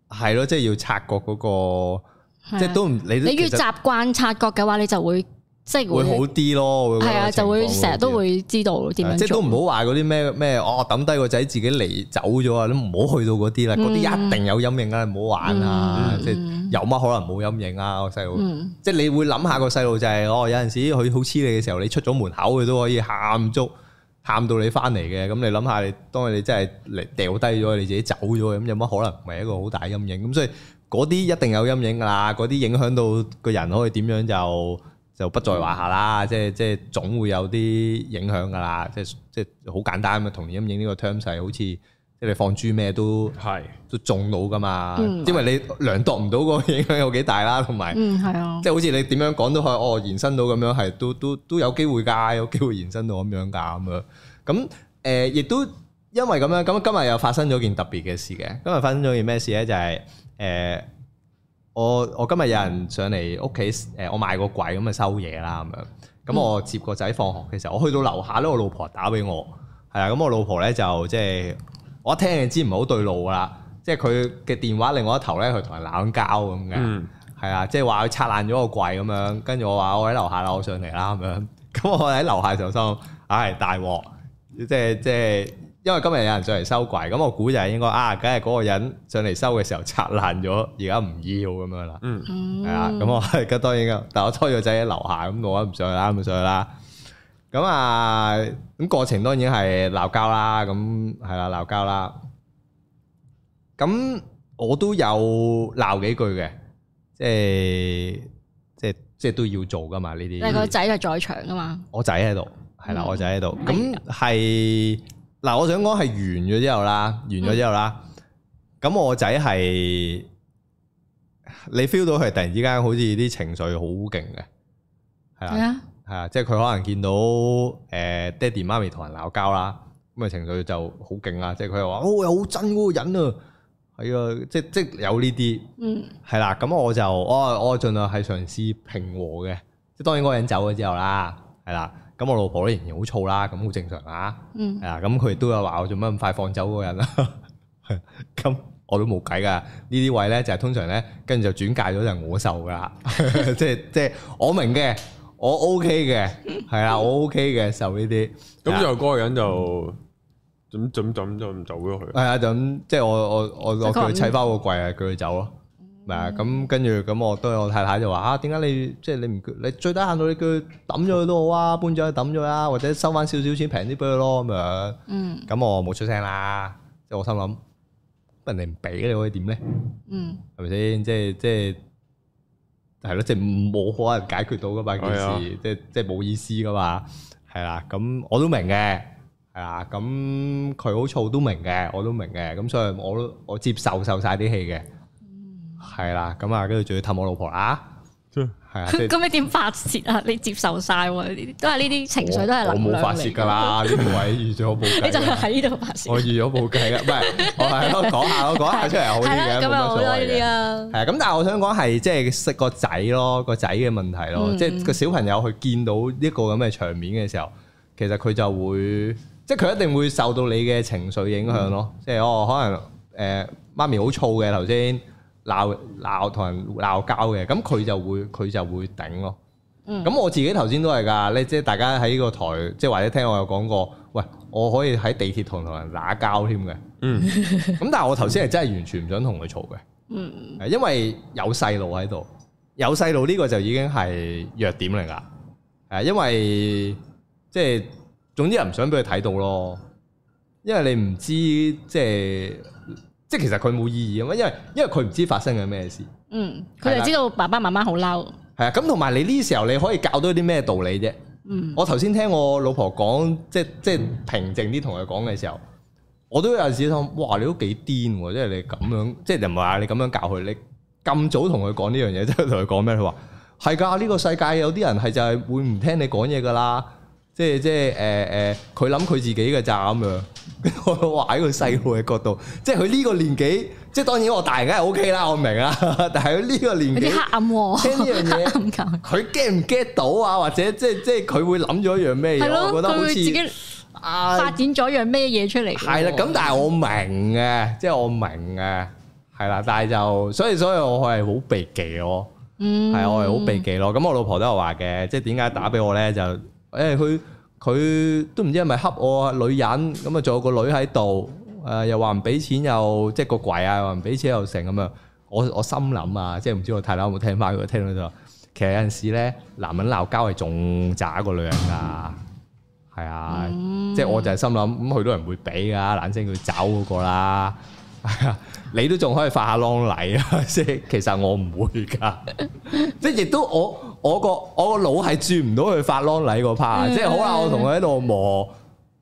係咯，即係要察覺嗰個，的即係都唔你都你越習慣察覺嘅話，你就會。即會，會好啲咯，係啊的，就會成日都會知道點樣做，的即係都唔好話嗰啲咩咩哦抌低個仔自己嚟走咗啊！你唔好去到嗰啲啦，嗰啲、嗯、一定有陰影啊！你唔好玩啊！嗯、即係有乜可能冇陰影啊？個細路即係你會諗下、個細路就係、是、哦，有陣時佢好黐你嘅時候，你出咗門口佢都可以喊足喊到你翻嚟嘅。咁你諗下，當你真係嚟掉低咗你自己走咗，咁有乜可能唔係一個好大陰影咁？所以嗰啲一定有陰影噶、啊、啦，嗰啲影、影響到個人可以點樣就。就不在話下啦，即係即係總會有啲影響噶啦，即係即係好簡單咁童年陰影呢個 term 係好似，即係你放豬咩都係是都中到噶嘛，嗯、因為你量度唔到個影響有幾大啦，同埋嗯係啊，即係好似你點樣講都可以哦延伸到咁樣，係都都都有機會㗎，有機會延伸到咁樣㗎咁啊！咁誒，亦、呃、都因為咁樣，咁今日又發生咗件特別嘅事嘅，今日發生咗件咩事咧？就係、是、誒。呃我我今日有人上嚟屋企，誒我買個櫃咁啊收嘢啦咁樣，咁我接個仔放學嘅時候，我去到樓下咧，我老婆打俾我，係啊，咁我老婆咧就即係我一聽就知唔係好對路啦，即係佢嘅電話另外一頭咧，佢同人鬧交咁嘅，係啊、嗯，即係話佢拆爛咗個櫃咁樣，跟住我話我喺樓下啦，我上嚟啦咁樣，咁我喺樓下就心，唉大鑊，即係即係。因為今日有人上嚟收櫃，咁我估就係應該啊，梗係嗰個人上嚟收嘅時候拆爛咗，而家唔要咁樣啦。嗯，係啊，咁我而家當然噶，但係我拖咗仔喺樓下，咁我話唔上去啦，唔上去啦。咁啊，咁過程當然係鬧交啦，咁係啦，鬧交啦。咁我都有鬧幾句嘅，即係即係即係都要做噶嘛呢啲。但係個仔係在場噶嘛？我仔喺度，係啦，我仔喺度。咁係。嗱，我想講係完咗之後啦，完咗之後啦，咁、嗯、我仔係你 feel 到佢突然之間好似啲情緒好勁嘅，係啊，係啊、嗯，即係佢可能見到誒爹哋媽咪同人鬧交啦，咁啊情緒就好勁、哦、啊，即係佢又話哦又好憎嗰個人啊，係啊，即即有呢啲，嗯，係啦，咁我就哦我，我盡量係嘗試平和嘅，即係當然嗰個人走咗之後啦，係啦。咁我老婆咧仍然好燥啦，咁好正常啊，嗯，係啊，咁佢亦都有話我做乜咁快放走嗰個人啊？係，咁我都冇計噶，呢啲位咧就係通常咧跟住就轉介咗就係我受噶啦，即係即係我明嘅，我 OK 嘅，係啊， 我 OK 嘅、 OK OK、受呢啲，咁就嗰個人就咁咁咁就唔走咗去？係啊，就咁即係我我我叫佢砌翻個櫃啊，叫佢走咯。咁跟住咁，我都係我太太就話啊，點解你即係、就是、你唔你最低限度你叫佢抌咗佢都好啊，搬咗佢抌咗啊，或者收翻少少錢平啲俾佢咯咁樣。咁、嗯、我冇出聲啦，即係我心諗，人哋唔俾你可以點呢？嗯，係咪先？即係即係係咯，即係冇可能解決到噶嘛件事， 對啊、即係即係冇意思噶嘛，係啦。咁我都明嘅，係啦。咁佢好嘈都明嘅，我都明嘅。咁所以我都我接受受晒啲氣嘅。係啦，咁啊，跟住仲要氹我老婆啊，係啊，咁你點發洩啊？你接受晒，都係呢啲情緒都係冇發洩噶啦，呢位遇咗冇計，你就喺呢度發洩。我遇咗冇計啦，喂，我係咯，講下咯，講下出嚟好啲咁啊，好多呢啲啊。咁，但係我想講係即係識個仔咯，個仔嘅問題咯，即係個小朋友去見到呢個咁嘅場面嘅時候，其實佢就會即係佢一定會受到你嘅情緒影響咯。即係哦，可能誒，媽咪好燥嘅頭先。鬧鬧同人鬧交嘅，咁佢就會佢就會頂咯，啊。咁、嗯、我自己頭先都係噶，你即係大家喺個台，即係或者聽我有講過，喂，我可以喺地鐵同人鬧交添嘅。嗯，咁 但係我頭先係真係完全唔想同佢嘈嘅。嗯，因為有細路喺度，有細路呢個就已經係弱點嚟噶。誒，因為即係、就是、總之係唔想俾佢睇到咯，因為你唔知即係。就是即係其實佢冇意義啊嘛，因為因為佢唔知發生緊咩事。嗯，佢就知道爸爸媽媽好嬲。係啊，咁同埋你呢時候你可以教到啲咩道理啫？嗯，我頭先聽我老婆講，即係即係平靜啲同佢講嘅時候，我都有陣時諗，哇，你都幾癲，即係你咁樣，即係唔係話你咁樣教佢，你咁早同佢講呢樣嘢，即係同佢講咩？佢話係噶，呢個世界有啲人係就係會唔聽你講嘢噶啦。即係即係誒誒，佢諗佢自己嘅咋咁樣。我話喺佢細個嘅角度，即係佢呢個年紀，即係當然我大人梗係 O K 啦，我明啦。但係佢呢個年紀黑暗喎，黑暗咁。佢驚唔驚到啊？或者即係即係佢會諗咗一樣咩嘢？ 我覺得好似自己發展咗一樣咩嘢出嚟。係啦，啊，咁但係我明嘅，即、就、係、是、我明嘅，係啦。但係就所以，所以，所以我係好避忌咯。嗯，係我係好避忌咯。咁我老婆都有話嘅，即係點解打俾我咧就？嗯誒佢佢都唔知係咪恰我啊，女人咁啊，仲有個女喺度，誒又話唔俾錢，又即係個鬼啊，又話唔俾錢，又成咁啊，我我心諗啊，即係唔知我太嬲有冇聽翻，佢聽到就話其實有陣時咧，男人鬧交係仲渣過女人㗎，係啊，即係我就係心諗咁，佢都唔會俾㗎，冷聲佢走嗰個啦，係啊，你都仲可以發下浪禮啊，即係其實我唔會㗎，即係亦都我。我個我個腦係轉唔到去發 long 禮個 part，即係好啦，我同佢喺度磨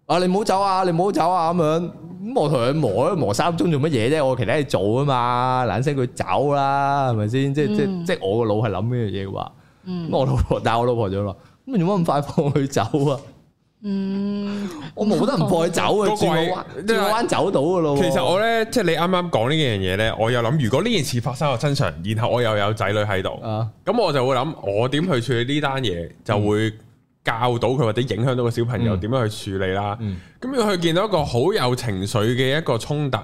啊，你唔好走啊，你唔好走啊咁樣，咁我同佢磨磨三鐘做乜嘢啫？我其他嘢做啊嘛，嗱一聲佢走啦，係咪先？即、嗯、即即，即我個腦係諗呢樣嘢話，咁、嗯、我老婆但係我老婆就話，咁你做乜咁快放佢走啊？嗯，我冇得唔派走啊！轉個彎，轉個彎走到噶咯。其實我咧，即係你啱啱講呢樣嘢咧，我又諗。如果呢件事發生我身上，然後我又有仔女喺度，咁，啊，我就會諗我點去處理呢單嘢，就會教到佢或者影響到個小朋友點樣去處理啦。咁要去見到一個好有情緒嘅一個衝突，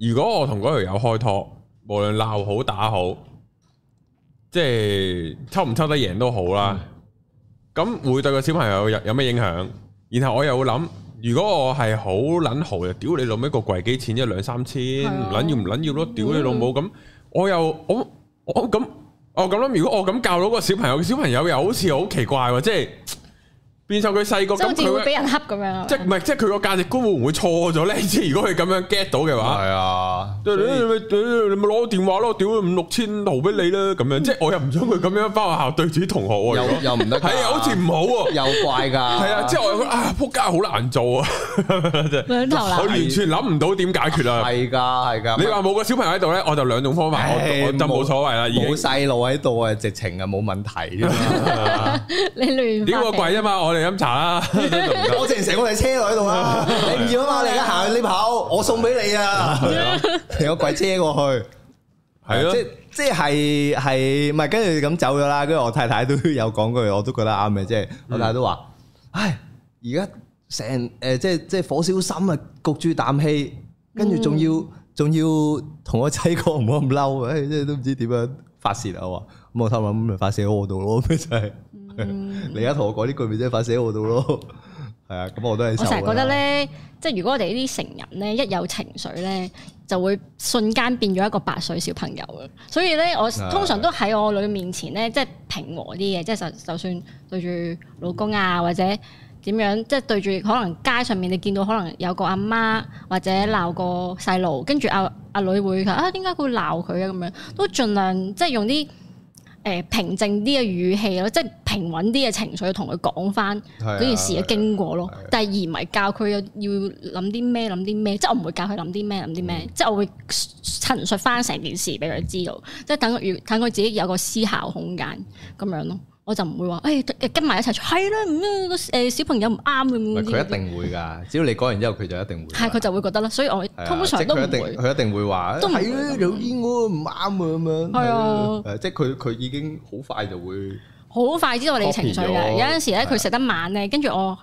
如果我同嗰條友開拖，無論鬧好打好，即係抽唔抽得贏都好啦。嗯啊咁會對個小朋友有有咩影響？然後我又會諗，如果我係好捻豪，就屌你老尾個櫃幾錢一兩三千，捻、啊、要唔捻要咯？屌你老母！咁、嗯、我又我我咁，我咁諗，如果我咁教到個小朋友，小朋友又好似好奇怪喎，即係。變晒佢細個，咁佢會俾人恰咁樣咯。即係唔係，即係佢個價值觀會唔會錯咗咧？即係如果佢咁樣 get 到嘅話，係啊，你咪攞電話咯，屌五六千投俾你啦，咁樣。即係我又唔想佢咁樣翻學校對住啲同學。又又唔得，係啊，好似唔好啊，又怪噶，係啊，即係我啊仆街，好難做啊，我完全諗唔到點解決啊。係噶係噶，你話冇個小朋友喺度咧，我就兩種方法，我就冇所謂啦，冇細路喺度啊，直情啊冇問題。你亂？呢個貴啊嘛，我哋。飲茶啦！我淨係成個係車路喺度啊！你唔要啊嘛！你而家行去呢跑，我送俾你啊！係咯，停個鬼車過去，係咯，即即係係，唔係跟住咁走咗啦。跟住我太太都有講句，我都覺得啱嘅，即係我太太都話：，唉，而家成誒，即係即係火燒心啊，焗住啖氣，跟住仲要仲要同個仔講唔好咁嬲啊！唉，即係都唔知點樣發洩啊！話咁我心諗咪發洩喺我度咯，咪就係。嗯、你而家同我講呢句真快，咪即係發死我度咯？係啊，咁我都係。我成日覺得咧，即係如果我哋呢啲成人咧，一有情緒咧，就會瞬間變咗一個八歲小朋友啊！所以咧，我通常都喺我女面前咧，即係平和啲嘅，即係就就算對住老公啊，或者點樣，即係對住可能街上面你見到可能有個阿媽或者鬧個細路，跟住阿阿女會啊，點解會鬧佢啊？咁樣都盡量即係用啲。誒平靜啲嘅語氣咯，即係平穩啲嘅情緒同佢講翻嗰件事嘅經過咯。但係、啊啊啊啊、而唔係教佢要諗啲咩諗啲咩，即係我唔會教佢諗啲咩諗啲咩，嗯、即係我會陳述翻成件事俾佢知道，即係等佢要等佢自己有個思考空間咁樣咯。我就唔會話，誒、欸、跟埋一齊出，係啦，誒、嗯那個、小朋友唔啱咁。唔係佢一定會㗎， 只要你講完之後，佢就一定會。係， 佢就會覺得啦，所以我通常都會一定，佢一定會話，都係咯，有啲我唔啱咁樣。係啊的、嗯，即係佢佢已經好快就會好快知道你情緒嘅。有陣時咧，佢食得慢咧，跟住我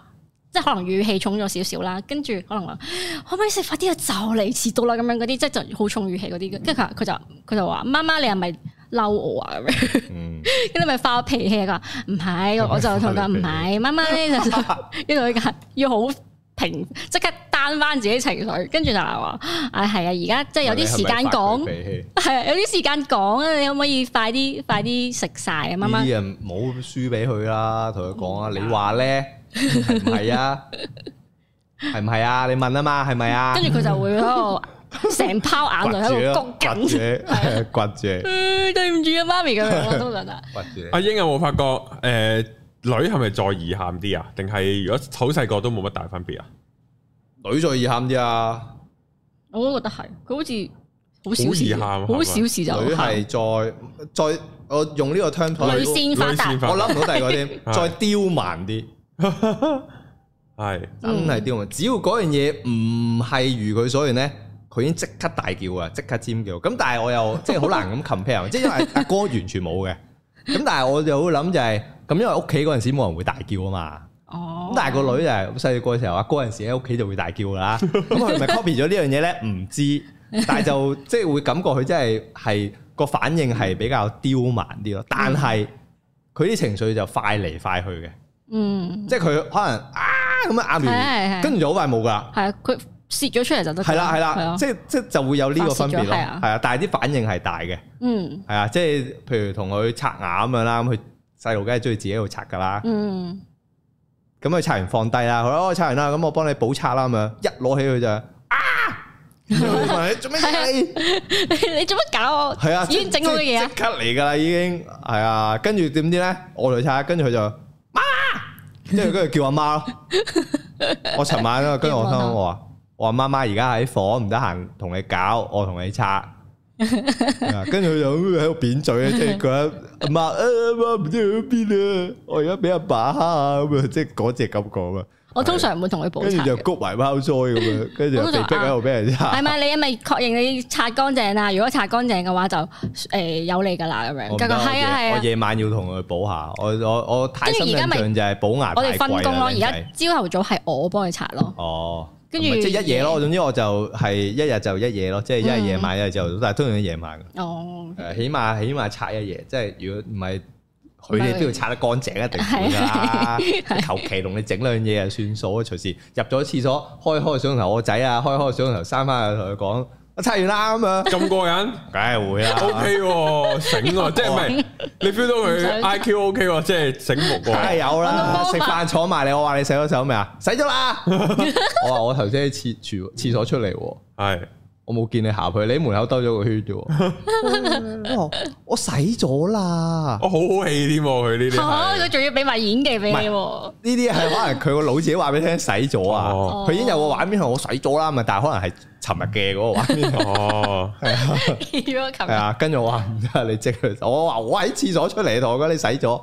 即係的可能語氣重咗少少啦，跟住可能可唔可以食快啲啊？就嚟遲到啦咁樣嗰啲，即係就好、是、重語氣嗰啲。跟住佢就佢就話：媽媽，你係咪？嬲我啊！咁樣、嗯，跟住咪發脾氣啊！唔係，我就同佢唔係，媽媽咧就 要同佢要要好平，即刻 down 翻自己情緒，跟住就話，啊係啊，而家即係有啲時間講，係啊，有啲時間講啊，你可唔可以快啲快啲食晒啊？媽媽，唔好輸俾佢啦，同佢講啊，你話咧，係唔係啊？係唔係啊？你問啊嘛，係咪啊？ 跟住佢就會喺度。 成泡眼淚喺度焗緊，係骨折。對唔住啊，媽咪咁樣，我都覺得。阿英有冇發覺？誒，女係咪再易喊啲啊？定係如果丑細個都冇乜大分別啊？女再易喊啲啊？我都覺得係，佢好似好少事，好少事就女係再再我用呢個聽筒。女先發達，我諗唔到第二個。再刁蠻啲，係真係刁蠻。只要嗰樣嘢唔係如佢所願咧。佢已經即刻大叫啊！即刻尖叫咁，但係我又即係好難咁 compare，即係 因為阿哥完全冇嘅。咁但係我就好諗就係、是、咁，因為屋企嗰陣時冇人會大叫啊嘛。哦。咁但係個女就係細細個嘅時候啊，嗰陣 時喺屋企就會大叫噶啦。咁佢咪 copy 咗呢樣嘢咧？唔知，但係就即係、就是、會感覺佢真係係個反應係比較刁蠻啲咯。但係佢啲情緒就快嚟快去嘅。嗯。即係佢可能啊咁樣喊完，是是是跟住就好快冇噶。係啊，佢。蝕咗出嚟就得，係啦係啦，即係即係就會有呢個分別咯，係啊，但係啲反應係大嘅，嗯，係啊，即係譬如同佢刷牙咁樣啦，咁佢細路梗係中意自己喺度刷噶啦，嗯，咁佢刷完放低啦，佢我刷完啦，咁我幫你補刷啦咁樣，一攞起佢就啊，你做咩？你做乜搞我？係啊，已經整好嘅嘢，即刻嚟噶啦，已經係啊，跟住點知咧？我嚟刷，跟住佢就媽，即係跟住叫阿媽咯。我尋晚咧，跟住我聽到我話。我媽媽而家喺房唔得閒同你搞，我同你擦，跟住佢就喺度扁嘴，即係佢媽，唔知去咗邊啊！我而家俾阿爸蝦啊，咁啊，即係嗰隻感覺啊！我通常唔會同佢補，跟住就谷埋包腮咁樣，跟住被逼喺度俾人擦。係咪？你係咪確認你擦乾淨啦？如果擦乾淨嘅話，就誒有利噶啦咁樣。係啊係啊，我夜晚要同佢補下，我我我太。即係而家咪就係補牙太貴，我哋分工咯。而家朝頭早係我幫佢擦咯。哦。是即係一夜咯，總之我就係一日就一夜咯，嗯、即係一日夜晚，嗯、一日就，但係通常一夜晚哦，誒、okay. 呃，起碼起碼擦一夜，即係如果唔係佢哋都要擦得乾淨一定㗎，求其同你整兩嘢就算數啊，隨時入咗廁所開開水龍頭我仔啊，開開，水龍頭我開，開水龍頭閂翻啊，同佢講。我刷完啦咁樣，咁過癮，梗係 會啦、啊。 o、okay、K、啊、醒，即係唔係？你 feel 到佢 I Q O K，即係醒目。梗係有啦， 食飯坐埋你，我話你洗咗手未啊？洗咗啦。 我話我頭先喺廁廚廁所出嚟，係。 我冇見你行去，你喺門口兜咗個圈啫、 哦。我我洗咗啦，我好好氣添，佢呢啲。佢仲要俾埋演技俾你。呢啲係可能佢個腦自己話俾你聽洗咗啊。佢已經有個畫面係我洗咗啦，嘛，但係可能係尋日嘅嗰個畫面。哦，係啊。記咗尋日。啊，跟住我話，唔知你即佢。我話我喺廁所出嚟台，我話你洗咗。係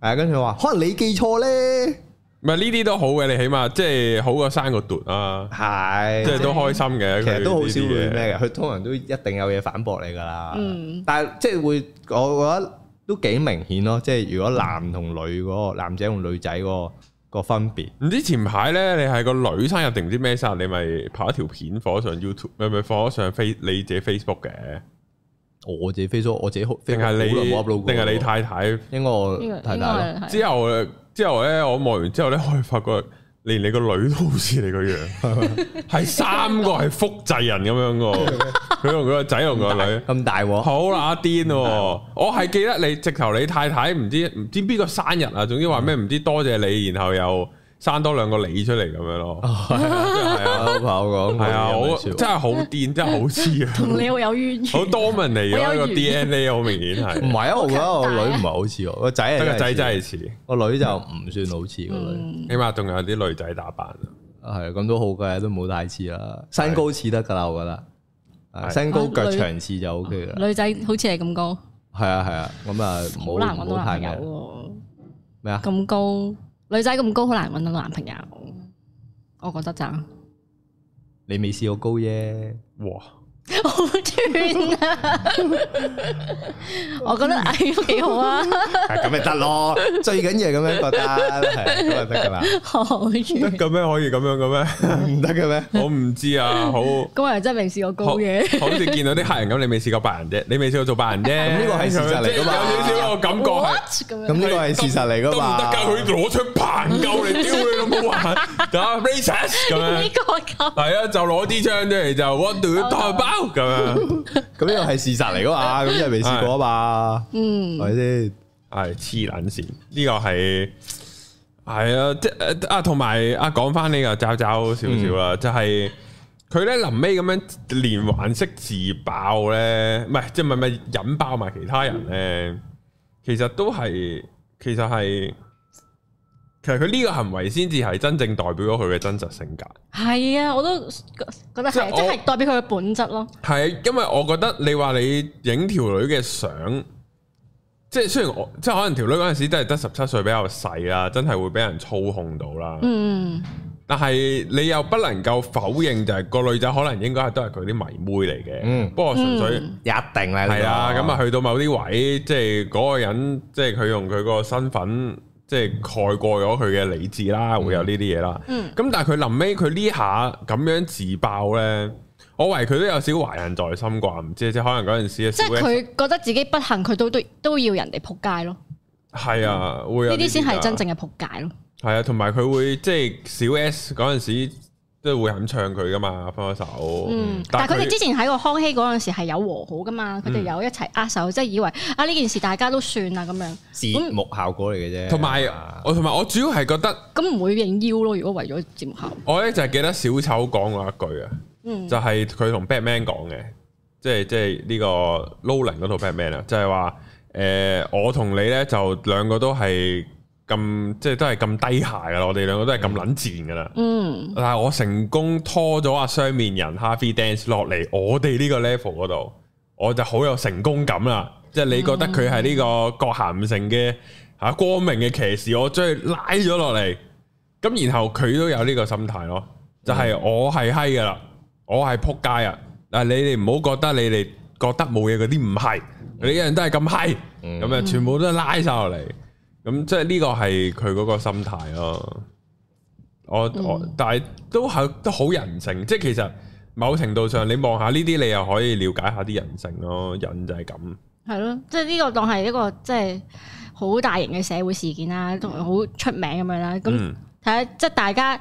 啊，跟住我話，可能你記錯咧。唔係呢啲都好嘅，你起碼即係好過生個奪啊，係即係都開心嘅。其實都好少會咩嘅，佢通常都一定有嘢反駁你噶啦。嗯、但係即係會，我覺得都幾明顯咯。即、就、係、是、如果男同女嗰個男仔同女仔嗰個個分別。唔知、嗯、前排咧，你係個女生又定唔知咩生日？你咪拍一條片放上 YouTube，咪咪唔放咗上 Face 你自己 Facebook 嘅。我自己 Facebook，我自己好，定係你定係你太太？應該我太太。之後咧，之後咧，我望完之後咧，我發覺連你個女都好似你個樣，係 三個係複製人咁樣㗎。佢同佢個仔同個女咁大鑊，大好乸癲哦！我係記得你直頭你太太，唔知唔知邊個生日啊？總之話咩唔知多謝你，然後又。生多兩個你出嚟，咁樣咯，係啊，老炮講，係啊，我真係好癲，真係好似啊，同你好有淵源，好多人嚟嘅，我有個 DNA 好明顯係。唔係啊，我覺得我女唔係好似我個仔，個仔真係似，個女就唔算好似，個女起碼仲有啲女仔打扮啊，係咁都好嘅，都冇太似啦。身高似得嘅啦，我覺得，身高腳長似就 OK 啦。女仔好似係咁高，係啊係啊，咁啊，好難搵男朋友。咩啊？咁高。女仔咁高好難搵到男朋友，我覺得咋？你未試過高啫，哇！好串啊！我覺得哎都幾好啊！咁咪得咯，最緊要係咁樣覺得，係咁咪得噶啦。可以咁樣可以咁樣咁樣？唔得嘅咩？我唔知啊。好，今人真係未試過高嘅，好似見到啲客人咁，你未試過白人啫，你未試過做白人啫。呢個係事實嚟噶嘛？有少少感覺。咁呢個係事實嚟噶嘛？唔得噶，佢攞出棚救你，點會用棚？咁呢個夠？係啊，就攞支槍出嚟就 what do you do？咁樣，咁 又係事實嚟噶嘛？咁又未試過啊嘛？是嗯，係咪先？係黐捻線，呢個係係啊，即係啊，同埋啊，講翻呢個，找找少少啦，就係佢咧臨尾咁樣連環式自爆咧，唔係即係唔係引爆埋其他人咧，其實都係，其實係。其實佢呢個行為先至係真正代表咗佢嘅真實性格。係啊，我都覺得係，即係代表佢嘅本質咯。係，因為我覺得你話你影條女嘅相，即係雖然我即係可能條女嗰陣時都係得十七歲比較細啦，真係會俾人操控到啦。嗯。但係你又不能夠否認就係個女仔可能應該係都係佢啲迷妹嚟嘅。嗯。不過純粹一定係，係、嗯、啊，咁啊去到某啲位，即係嗰個人，即係佢用佢個身份，即係蓋過咗佢嘅理智啦，嗯、會有呢啲嘢啦。咁、嗯、但係佢臨尾佢呢下咁樣自爆咧，我懷疑佢都有少懷恨在心啩，唔知即係可能嗰陣時。即係佢覺得自己不幸，佢都都都要人哋仆街咯。係啊，會有呢啲先係真正嘅仆街咯。係啊，同埋佢會即係小 S 嗰陣時。即係會肯唱佢噶嘛，分咗手。嗯，但係佢哋之前喺個康熙嗰陣時係有和好噶嘛，佢哋、嗯、有一齊握手，即、就、係、是、以為啊呢件事大家都算啊咁樣。節目效果嚟嘅啫。同埋我，同埋、啊、我主要係覺得咁唔、啊、會應邀咯。如果為咗節目效果。我咧就係、是、記得小丑講過一句啊，就係、是、佢同 Batman 講嘅，即係即係呢個 Nolan 嗰套 Batman 啊，就係話誒我同你咧就兩個都係。咁即係都係咁低下噶啦，我哋兩個都係咁撚賤噶啦。嗯，但係我成功拖咗阿雙面人 Happy Dance 落嚟，我哋呢個 level 嗰度，我就好有成功感啦。即係你覺得佢係呢個局限性嘅吓，光明嘅騎士，我將佢拉咗落嚟。咁然後佢都有呢個心態咯，就係、是、我係嗨噶啦，我係扑街啊！但係，你哋唔好覺得你哋覺得冇嘢嗰啲唔係，嗯、你一樣都係咁嗨，咁啊，全部都係拉晒落嚟。嗯嗯咁即係呢個係佢嗰個心態咯、啊，我，嗯、我但係都係都好人性，即係其實某程度上你望下呢啲，你又可以了解下啲人性咯、啊，人就係咁。係咯，即係呢個當係一個即係好大型嘅社會事件啦、啊，同埋好出名咁樣啦、啊。咁睇下、嗯、即係大家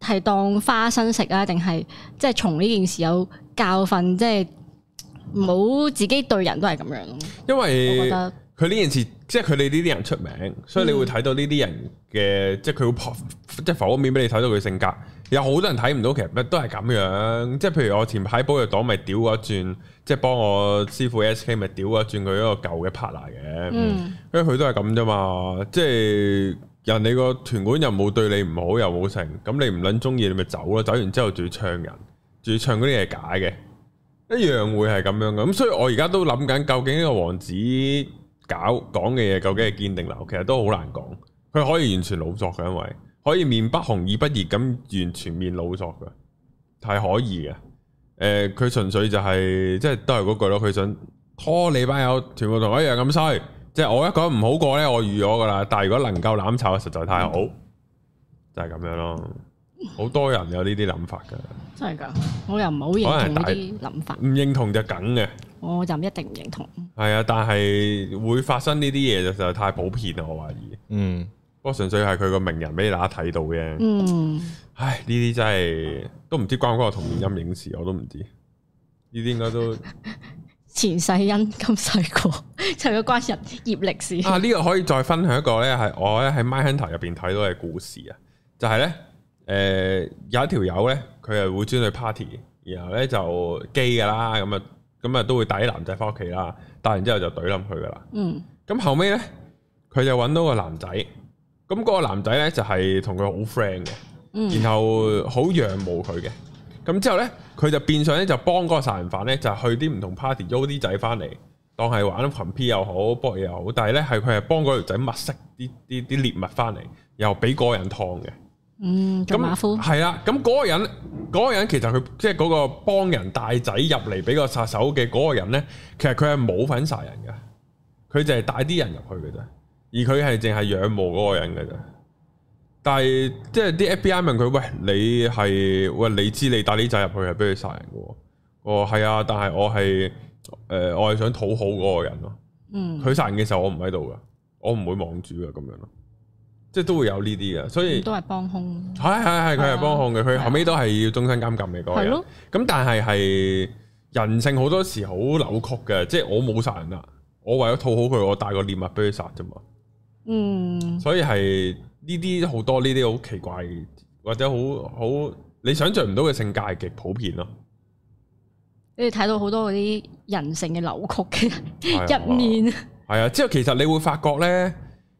係當花生食啊，定係即係從呢件事有教訓，即係唔好自己對人都係咁樣咯、啊。因為佢呢件事。即係佢哋呢啲人出名，所以你會睇到呢啲人嘅，嗯、即係佢會破，即係浮面俾你睇到佢性格。有好多人睇唔到，其實都係咁樣。即係譬如我前排寶藥黨，咪屌我一轉，即係幫我師傅 SK 咪屌我一轉佢一個舊嘅 partner 嘅。因為佢都係咁啫嘛。即係人哋個團管又冇對你唔好，又冇成，咁你唔撚中意你咪走咯。走完之後仲要唱人，仲要唱嗰啲係假嘅，一樣會係咁樣嘅。咁所以我而家都諗緊究竟呢個王子。搞講嘅嘢究竟係堅定流，其實都好難講。佢可以完全老作嘅，因為可以面不紅耳不熱咁完全面老作嘅，係可以嘅。誒、呃，佢純粹就係、是、即係都係嗰句咯，佢想拖、哦、你班友全部同我一樣咁衰。即係我一個唔好過咧，我預咗㗎啦。但係如果能夠攬炒，實在太好，就係、是、咁樣咯。好多人有呢啲諗法㗎。真係㗎，我又唔係好認同呢啲諗法。唔認同就梗嘅。我就唔一定唔認同。係啊，但係會發生呢啲嘢就實在太普遍啦。我懷疑。嗯，不過純粹係佢個名人俾大家睇到嘅。嗯。唉，呢啲真係都唔知關唔關我童年陰影事，我都唔知。呢啲應該都前世因今世果，又要 關人業歷史。啊，呢、這個可以再分享一個咧，係我咧喺 Mindhunter 入邊睇到嘅故事啊，就係、是、咧，誒、呃、有一條友咧，佢係會專去 party，然後咧就 gay 噶啦，咁啊。咁啊，都會帶啲男仔翻屋企啦，帶完之後就懟冧佢噶啦。嗯，咁後尾咧，佢就揾到個男仔，咁嗰個男仔咧就係同佢好 friend 嘅，嗯、然後好仰慕佢嘅。咁之後咧，佢就變相咧就幫嗰個殺人犯咧就去啲唔同 party 邀啲仔翻嚟，當係玩群 P 又好，搏又好。但係咧係佢係幫嗰條仔物色啲啲啲獵物翻嚟，又俾個人燙嘅。嗯，做馬夫。係啊，咁嗰個人。嗰個人其實佢即係嗰個幫人帶仔入嚟俾個殺手嘅嗰個人咧，其實佢係冇份殺人嘅，佢淨係帶啲人入去嘅啫。而佢係淨係仰慕嗰個人嘅啫。但係即係啲 FBI 問佢：喂，你係，喂你知你帶啲仔入去係俾佢殺人嘅喎？哦，係啊，但係我係誒，呃，我係想討好嗰個人咯。嗯，佢殺人嘅時候我唔喺度嘅，我唔會望住嘅咁樣咯。即係都會有呢啲嘅，所以都係幫兇。係係係，佢係幫兇嘅，佢、啊、後尾都係要終身監禁嘅嗰個人。咁的但係係人性好多時好扭曲嘅，即、就、係、是、我冇殺人啦，我為咗討好佢，我帶個獵物俾佢殺啫嘛。嗯，所以係呢啲好多呢啲好奇怪或者好好你想像唔到嘅性格係極普遍咯。你哋睇到好多嗰啲人性嘅扭曲嘅入、哎、呀面，係啊、哎！之、哎、後其實你會發覺咧。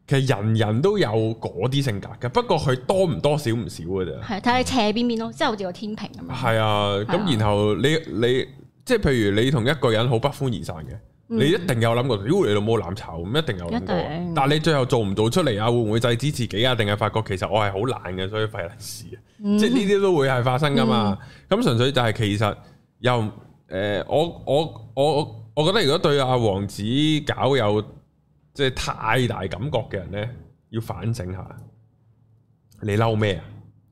其實人人都有嗰啲性格嘅，不過佢多唔多，少唔少嘅啫。係睇你斜邊邊咯，即係好似個天平咁樣。係啊，咁然後你你即係譬如你同一個人好不歡而散嘅，嗯、你一定有諗過，果、哎、你老母攬炒，咁一定有諗過。定但係你最後做唔做出嚟啊？會唔會制止自己啊？定係發覺其實我係好懶嘅，所以費事啊。即係呢啲都會係發生噶嘛。咁純、嗯、粹就係其實又誒、呃，我我我我，我覺得如果對阿黃子佼有。即係太大感覺嘅人咧，要反省下，你嬲咩啊？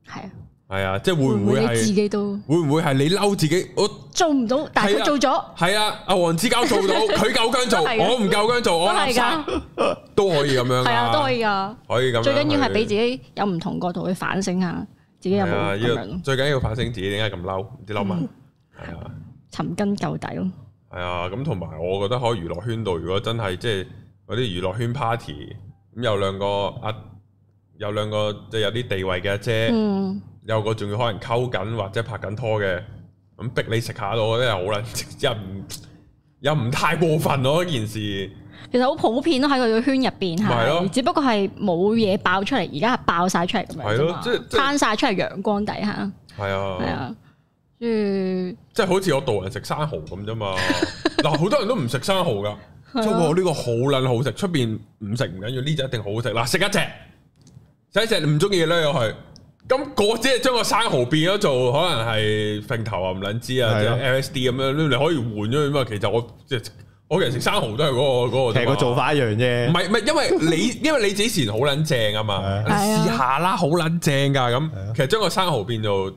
係啊，係啊，即係會唔會你自己都？會唔會係你嬲自己？我做唔到，但係佢做咗。係啊，阿黃子佼做到，佢夠薑做，我唔夠薑做，都係噶，都可以咁樣。係啊，都可以噶，可以咁。最緊要係俾自己有唔同角度去反省下，自己有冇？最緊要反省自己點解咁嬲，唔知嬲乜。係啊，尋根究底咯。係啊，咁同埋，我覺得喺娛樂圈度，如果真係即係。嗰啲娛樂圈 party 咁有兩個阿、啊、有兩個即係、就是、有啲地位嘅姐，姐，嗯、有個仲要可能溝緊或者拍緊拖嘅，咁逼你食下都真得好啦，又唔又唔太過分咯、啊。件事其實好普遍咯，喺佢個圈入邊，係咯，只不過係冇嘢爆出嚟，出而家係爆晒出嚟咁樣，即係攤晒出嚟陽光底下，係是啊，啊，係啊，即、就、係、是嗯、好似我導人食生蠔咁啫嘛，嗱好 多人都唔食生蠔噶。不過呢、呢個好撚好食，出邊唔食唔緊要，呢隻一定好好食啦！食一隻，使一隻，你唔中意拉咗去，咁嗰隻將個生蠔變咗做可能係揈頭啊，唔捻知啊，即係 LSD 咁樣，你可以換咗佢。啊，其實我即係我其實食生蠔都係嗰個個。嗰個做法一樣啫，唔係唔係，因為你 因為你之前好撚正啊嘛，啊你試下啦，好撚正噶咁。啊、其實將個生蠔變做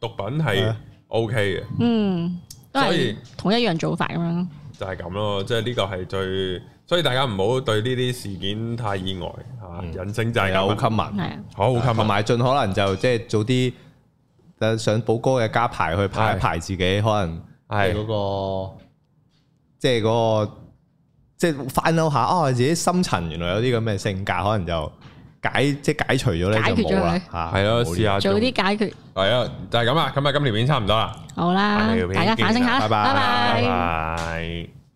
毒品係 OK 嘅，啊、所以嗯，都係同一樣做法咁樣。就係咁咯，即係呢個係最，所以大家唔好對呢啲事件太意外嚇，人性就係有。好吸引，好吸引，同埋盡可能就即係做啲想補哥嘅加牌去排一排自己，的可能係嗰、嗰個即係嗰個即係發露下哦，自己深層原來有啲咁嘅性格，可能就。解解除咗呢就冇啦，係咯、啊，了試下早啲解決。係咯，就係咁啊，今啊，今條片差唔多啦。好啦吧，大家，大家反省下，拜拜。